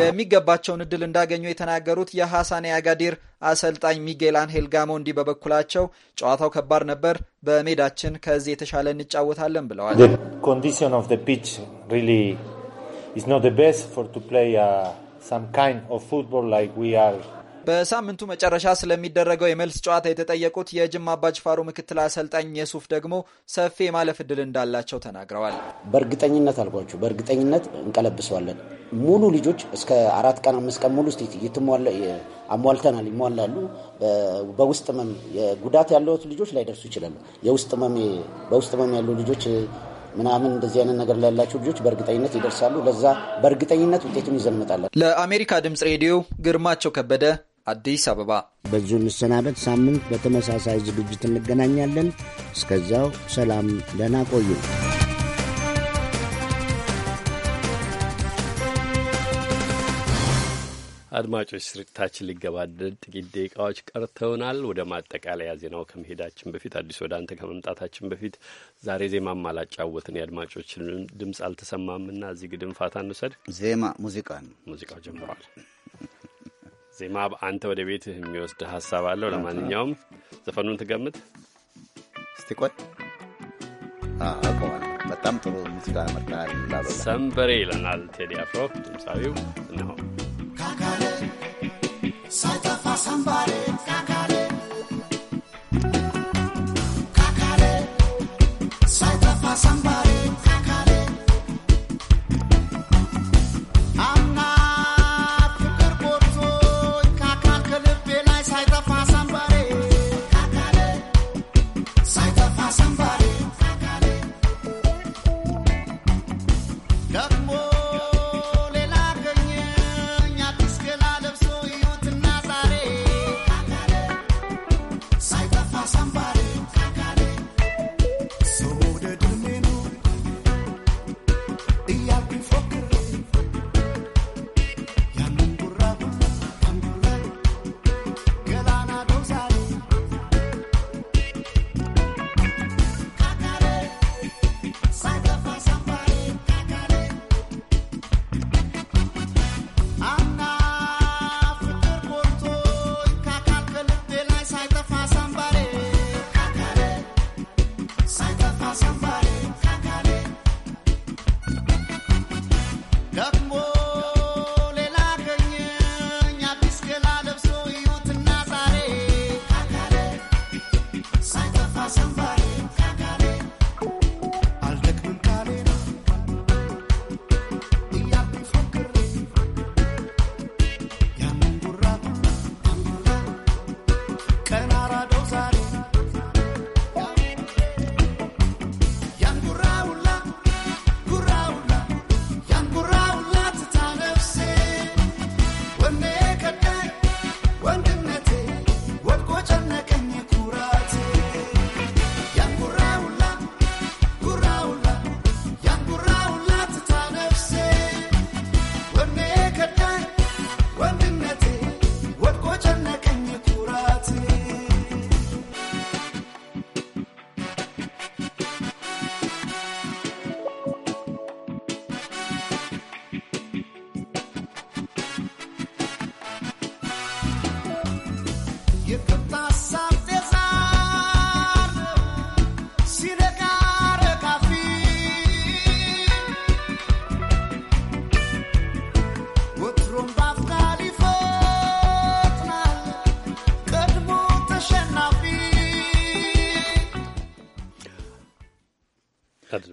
የሚገባቸውን እድል እንዳገኙ የተናገሩት የሐሳን አጋዲር አሰልጣኝ ሚጌል አንሄል እንዲህ በበኩላቸው ጨዋታው ከባድ ነበር፣ በሜዳችን ከዚህ የተሻለ እንጫወታለን ብለዋል። ዊ በሳምንቱ መጨረሻ ስለሚደረገው የመልስ ጨዋታ የተጠየቁት የጅማ አባጅፋሩ ምክትል አሰልጣኝ የሱፍ ደግሞ ሰፊ የማለፍ እድል እንዳላቸው ተናግረዋል። በእርግጠኝነት አልኳችሁ፣ በእርግጠኝነት እንቀለብሰዋለን። ሙሉ ልጆች እስከ አራት ቀን አምስት ቀን ሙሉ ስቴት አሟልተናል፣ ይሟላሉ። በውስጥ መም ጉዳት ያለት ልጆች ላይደርሱ ይችላሉ። የውስጥ በውስጥ መም ያሉ ልጆች ምናምን እንደዚህ አይነት ነገር ላላቸው ልጆች በእርግጠኝነት ይደርሳሉ። ለዛ በእርግጠኝነት ውጤቱን ይዘን እንመጣለን። ለአሜሪካ ድምፅ ሬዲዮ ግርማቸው ከበደ አዲስ አበባ። በዚሁ እንሰናበት። ሳምንት በተመሳሳይ ዝግጅት እንገናኛለን። እስከዚያው ሰላም፣ ደህና ቆዩ። አድማጮች ስርጭታችን ሊገባደድ ጥቂት ደቂቃዎች ቀርተውናል። ወደ ማጠቃለያ ዜናው ከመሄዳችን በፊት አዲስ ወደ አንተ ከመምጣታችን በፊት ዛሬ ዜማም አላጫወትን የአድማጮችን ድምፅ አልተሰማምና እዚህ ግድም ፋታ እንውሰድ። ዜማ ሙዚቃ ነው። ሙዚቃው ጀምሯል። ዜማ አንተ ወደ ቤትህ የሚወስድ ሀሳብ አለው። ለማንኛውም ዘፈኑን ትገምት እስቲ። ቆይ አውቀዋለሁ። በጣም ጥሩ ሙዚቃ መርጣል። ሰንበሬ ይለናል ቴዲ አፍሮ ድምፃዊው ነው። ካካሌ ሳይጠፋ ሰንባሬ ካካሌ ካካሌ ሳይጠፋ ሰንባሬ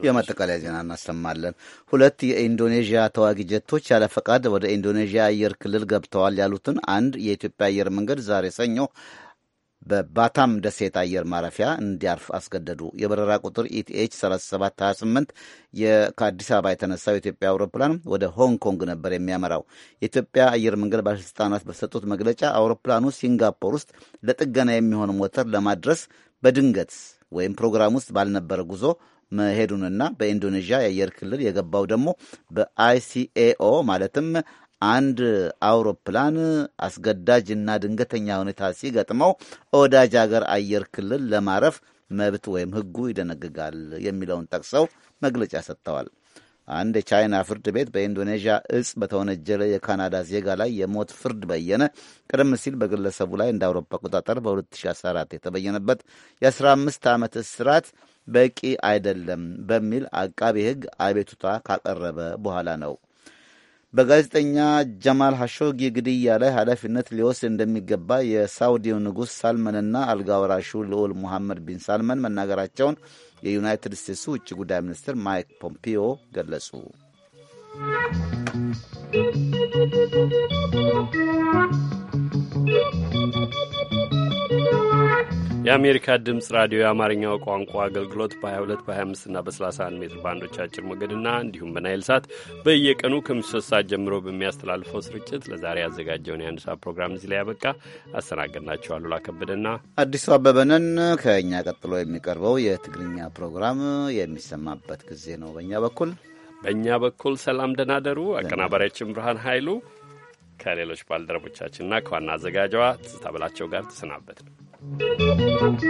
የማጠቃለያ ዜና እናሰማለን። ሁለት የኢንዶኔዥያ ተዋጊ ጀቶች ያለ ፈቃድ ወደ ኢንዶኔዥያ አየር ክልል ገብተዋል ያሉትን አንድ የኢትዮጵያ አየር መንገድ ዛሬ ሰኞ በባታም ደሴት አየር ማረፊያ እንዲያርፍ አስገደዱ። የበረራ ቁጥር ኢቲኤች 3728 ከአዲስ አበባ የተነሳው የኢትዮጵያ አውሮፕላን ወደ ሆንግ ኮንግ ነበር የሚያመራው። የኢትዮጵያ አየር መንገድ ባለሥልጣናት በሰጡት መግለጫ አውሮፕላኑ ሲንጋፖር ውስጥ ለጥገና የሚሆን ሞተር ለማድረስ በድንገት ወይም ፕሮግራም ውስጥ ባልነበረ ጉዞ መሄዱንና በኢንዶኔዥያ የአየር ክልል የገባው ደግሞ በአይሲኤኦ ማለትም አንድ አውሮፕላን አስገዳጅ እና ድንገተኛ ሁኔታ ሲገጥመው ወዳጅ ሀገር አየር ክልል ለማረፍ መብት ወይም ሕጉ ይደነግጋል የሚለውን ጠቅሰው መግለጫ ሰጥተዋል። አንድ የቻይና ፍርድ ቤት በኢንዶኔዥያ እጽ በተወነጀለ የካናዳ ዜጋ ላይ የሞት ፍርድ በየነ። ቀደም ሲል በግለሰቡ ላይ እንደ አውሮፓ አቆጣጠር በ2014 የተበየነበት የ15 ዓመት እስራት በቂ አይደለም በሚል አቃቢ ሕግ አቤቱታ ካቀረበ በኋላ ነው። በጋዜጠኛ ጀማል ሐሾጊ ግድያ ላይ ኃላፊነት ሊወስድ እንደሚገባ የሳውዲው ንጉሥ ሳልመንና አልጋወራሹ ልዑል ሙሐመድ ቢን ሳልመን መናገራቸውን የዩናይትድ ስቴትሱ ውጭ ጉዳይ ሚኒስትር ማይክ ፖምፒዮ ገለጹ። የአሜሪካ ድምፅ ራዲዮ የአማርኛው ቋንቋ አገልግሎት በ22 በ25 እና በ31 ሜትር ባንዶች አጭር ሞገድና እንዲሁም በናይል ሳት በየቀኑ ከምሽቱ ሶስት ሰዓት ጀምሮ በሚያስተላልፈው ስርጭት ለዛሬ ያዘጋጀውን የአንድ ሰዓት ፕሮግራም እዚህ ላይ ያበቃ። አስተናገድናቸው አሉላ ከበደና አዲሱ አበበንን። ከእኛ ቀጥሎ የሚቀርበው የትግርኛ ፕሮግራም የሚሰማበት ጊዜ ነው። በእኛ በኩል በእኛ በኩል ሰላም ደናደሩ። አቀናባሪያችን ብርሃን ኃይሉ ከሌሎች ባልደረቦቻችንና ከዋና አዘጋጇ ትዝታ በላቸው ጋር ተሰናበት ነው። Thank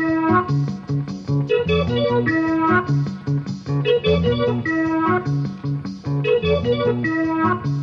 you.